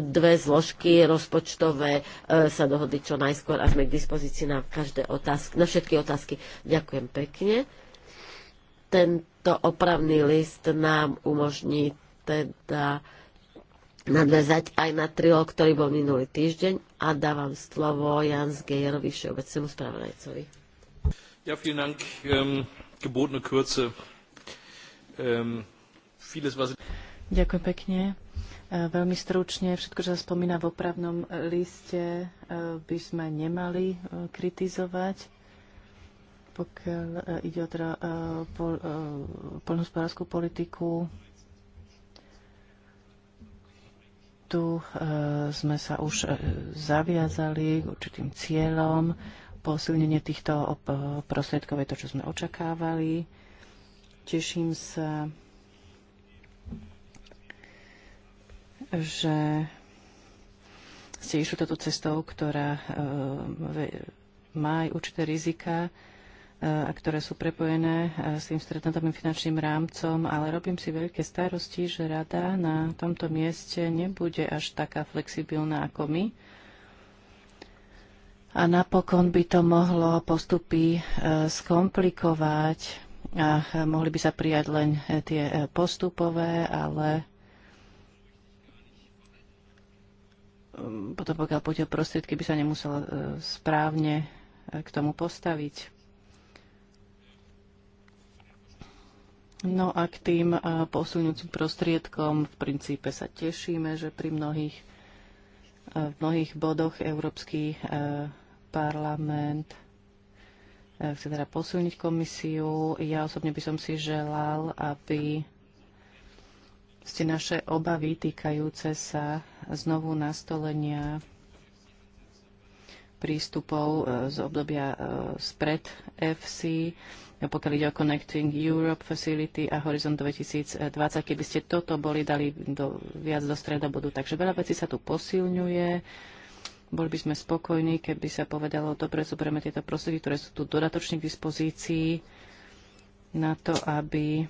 dve zložky rozpočtové e, sa dohodli čo najskôr a sme k dispozícii na, každé otázky, na všetky otázky. Ďakujem pekne. Tento opravný list nám umožní teda nadväzať aj na trilog, ktorý bol minulý týždeň a dávam slovo Jans Gejerovi, všeobecnému spravodajcovi vielen Dank. Ähm, gebotene Kürze. Ähm, vieles, was... Ďakujem pekne. Äh, veľmi stručne, všetko, čo sa spomína v opravnom äh, liste, äh, by sme nemali kritizovať, pokiaľ ide o teda pol, politiku. Tu sme sa už zaviazali k určitým cieľom Posilnenie týchto prostriedkov je to, čo sme očakávali. Teším sa, že ste išli toto cestou, ktorá e, má aj určité rizika, e, a ktoré sú prepojené e, s tým stretnutovým finančným rámcom, ale robím si veľké starosti, že rada na tomto mieste nebude až taká flexibilná ako my a napokon by to mohlo postupy e, skomplikovať a mohli by sa prijať len e, tie e, postupové, ale mm, potom pokiaľ pôjde o prostriedky, by sa nemusel správne k tomu postaviť. No a k tým posunúcim prostriedkom v princípe sa tešíme, že pri mnohých v mnohých bodoch Európsky e, parlament e, chce teda posilniť komisiu. Ja osobne by som si želal, aby ste naše obavy týkajúce sa znovu nastolenia prístupov e, z obdobia spred FC No, pokiaľ ide o Connecting Europe Facility a Horizon 2020, keby ste toto boli dali do, viac do stredobodu. Takže veľa vecí sa tu posilňuje. Boli by sme spokojní, keby sa povedalo, dobre, zoberieme tieto prostriedky, ktoré sú tu dodatočne k dispozícii na to, aby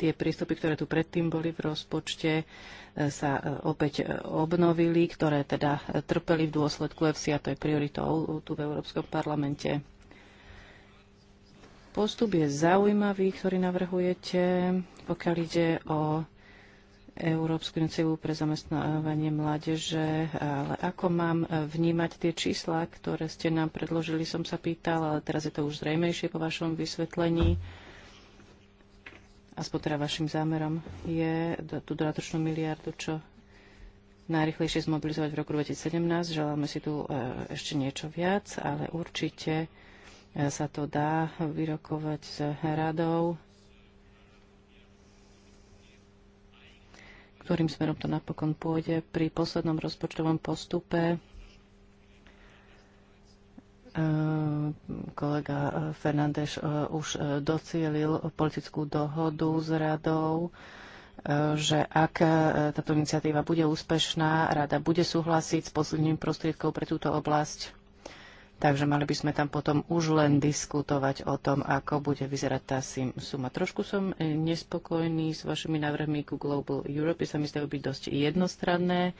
tie prístupy, ktoré tu predtým boli v rozpočte, e, sa e, opäť e, obnovili, ktoré teda trpeli v dôsledku EFSI a to je prioritou tu v Európskom parlamente. Postup je zaujímavý, ktorý navrhujete, pokiaľ ide o Európsku iniciatívu pre zamestnávanie mládeže, ale ako mám vnímať tie čísla, ktoré ste nám predložili, som sa pýtal, ale teraz je to už zrejmejšie po vašom vysvetlení. Aspoň teda vašim zámerom je tú dodatočnú miliardu, čo najrychlejšie zmobilizovať v roku 2017. Želáme si tu e, ešte niečo viac, ale určite sa to dá vyrokovať s radou, ktorým smerom to napokon pôjde. Pri poslednom rozpočtovom postupe ehm, kolega Fernández eh, už eh, docielil politickú dohodu s radou, eh, že ak táto iniciatíva bude úspešná, rada bude súhlasiť s posledným prostriedkou pre túto oblasť Takže mali by sme tam potom už len diskutovať o tom, ako bude vyzerať tá suma. Trošku som e, nespokojný s vašimi návrhmi ku Global Europe. Sa mi zdajú byť dosť jednostranné.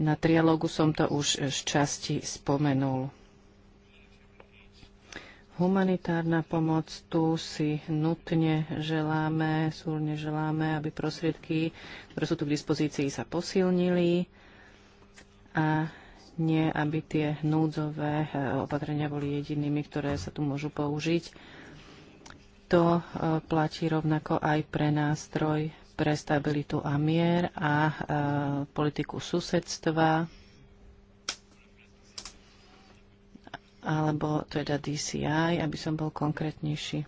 Na trialógu som to už z časti spomenul. Humanitárna pomoc, tu si nutne želáme, súrne želáme, aby prostriedky, ktoré sú tu k dispozícii, sa posilnili a nie aby tie núdzové eh, opatrenia boli jedinými, ktoré sa tu môžu použiť. To eh, platí rovnako aj pre nástroj pre stabilitu a mier a eh, politiku susedstva alebo teda DCI, aby som bol konkrétnejší.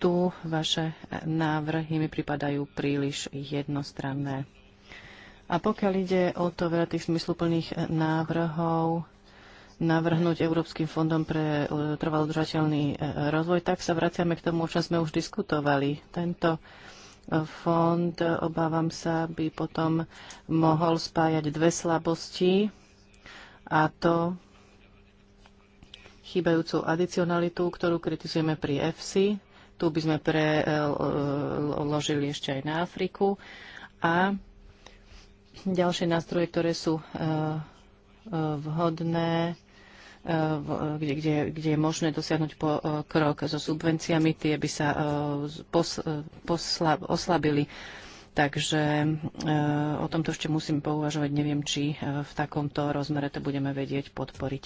Tu vaše návrhy mi pripadajú príliš jednostranné. A pokiaľ ide o to veľa tých zmysluplných eh, návrhov, navrhnúť Európskym fondom pre eh, trvalodržateľný eh, rozvoj, tak sa vraciame k tomu, o čom sme už diskutovali. Tento fond, obávam sa, by potom mohol spájať dve slabosti, a to chýbajúcu adicionalitu, ktorú kritizujeme pri EFSI. Tu by sme preložili ešte aj na Afriku. A Ďalšie nástroje, ktoré sú e, e, vhodné, e, kde, kde, kde je možné dosiahnuť krok so subvenciami, tie by sa pos, posla, oslabili. Takže o tomto ešte musím pouvažovať. Neviem, či v takomto rozmere to budeme vedieť podporiť.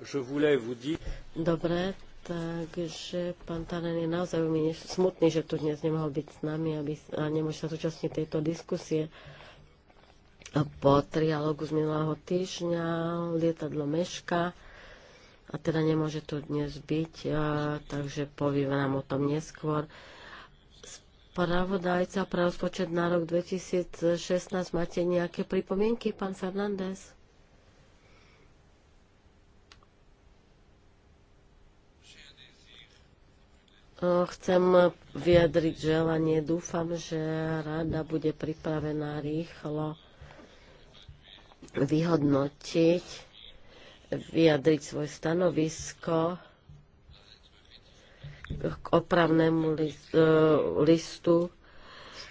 Dobre, takže pán Tanen je naozaj veľmi smutný, že tu dnes nemohol byť s nami aby, a nemôže sa zúčastniť tejto diskusie. A po trialógu z minulého týždňa lietadlo meška a teda nemôže tu dnes byť, a, takže povie nám o tom neskôr. Spravodajca pre rozpočet na rok 2016 máte nejaké pripomienky, pán Fernández? Chcem vyjadriť želanie. Dúfam, že rada bude pripravená rýchlo vyhodnotiť, vyjadriť svoje stanovisko k opravnému e, listu,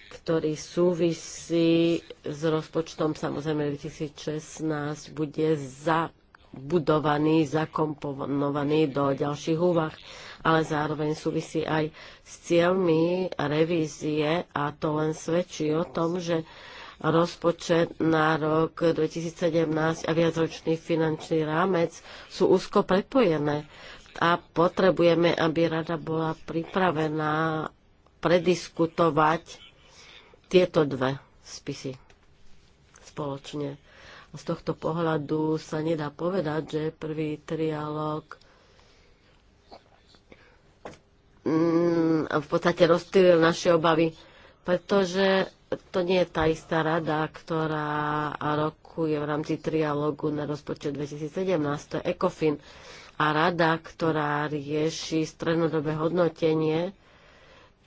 ktorý súvisí s rozpočtom samozrejme 2016, bude za budovaný, zakomponovaný do ďalších úvah, ale zároveň súvisí aj s cieľmi revízie a to len svedčí o tom, že rozpočet na rok 2017 a viacročný finančný rámec sú úzko prepojené a potrebujeme, aby rada bola pripravená prediskutovať tieto dve spisy spoločne. Z tohto pohľadu sa nedá povedať, že prvý trialog mm, v podstate rozstýlil naše obavy, pretože to nie je tá istá rada, ktorá rokuje v rámci trialógu na rozpočet 2017, to je ECOFIN, a rada, ktorá rieši strednodobé hodnotenie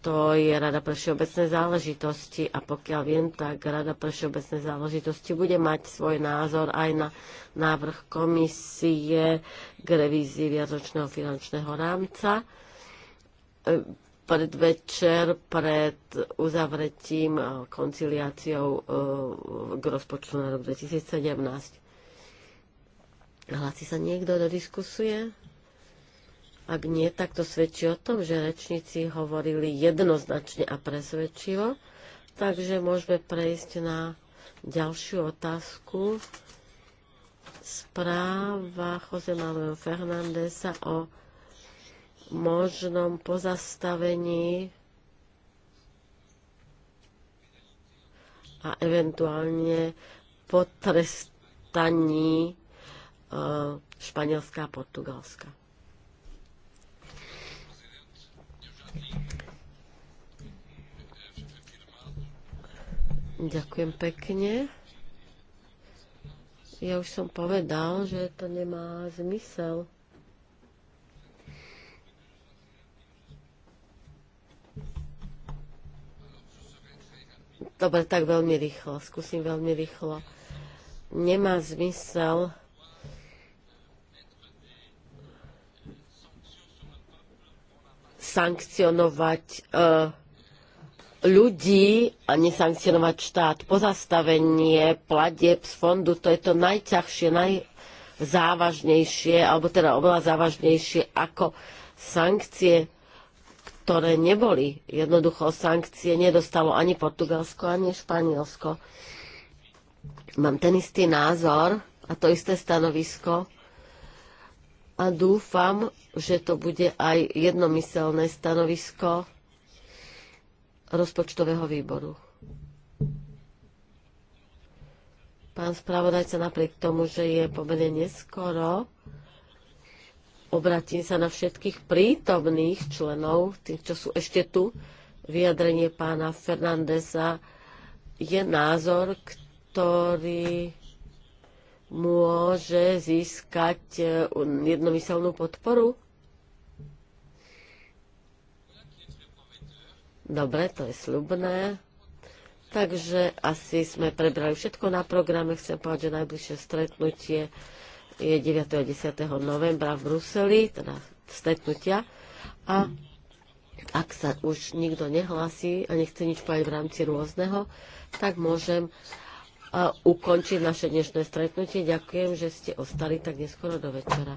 to je Rada pre všeobecné záležitosti a pokiaľ viem, tak Rada pre všeobecné záležitosti bude mať svoj názor aj na návrh komisie k revízii viacročného finančného rámca. E, predvečer pred uzavretím konciliáciou e, k rozpočtu na rok 2017. Hlasí sa niekto do diskusie? Ak nie, tak to svedčí o tom, že rečníci hovorili jednoznačne a presvedčivo. Takže môžeme prejsť na ďalšiu otázku. Správa Jose Manuel Fernandesa o možnom pozastavení a eventuálne potrestaní eh, španielská a Portugalska. Ďakujem pekne. Ja už som povedal, že to nemá zmysel. Dobre, tak veľmi rýchlo. Skúsim veľmi rýchlo. Nemá zmysel sankcionovať eh, ľudí a nesankcionovať štát. Pozastavenie platieb z fondu, to je to najťažšie, najzávažnejšie, alebo teda oveľa závažnejšie ako sankcie, ktoré neboli. Jednoducho sankcie nedostalo ani Portugalsko, ani Španielsko. Mám ten istý názor a to isté stanovisko a dúfam, že to bude aj jednomyselné stanovisko rozpočtového výboru. Pán spravodajca, napriek tomu, že je pomerne neskoro, obratím sa na všetkých prítomných členov, tých, čo sú ešte tu. Vyjadrenie pána Fernandesa je názor, ktorý môže získať e, jednomyselnú podporu? Dobre, to je slubné. Takže asi sme prebrali všetko na programe. Chcem povedať, že najbližšie stretnutie je 9. a 10. novembra v Bruseli, teda stretnutia. A ak sa už nikto nehlasí a nechce nič povedať v rámci rôzneho, tak môžem ukončiť naše dnešné stretnutie. Ďakujem, že ste ostali tak neskoro do večera.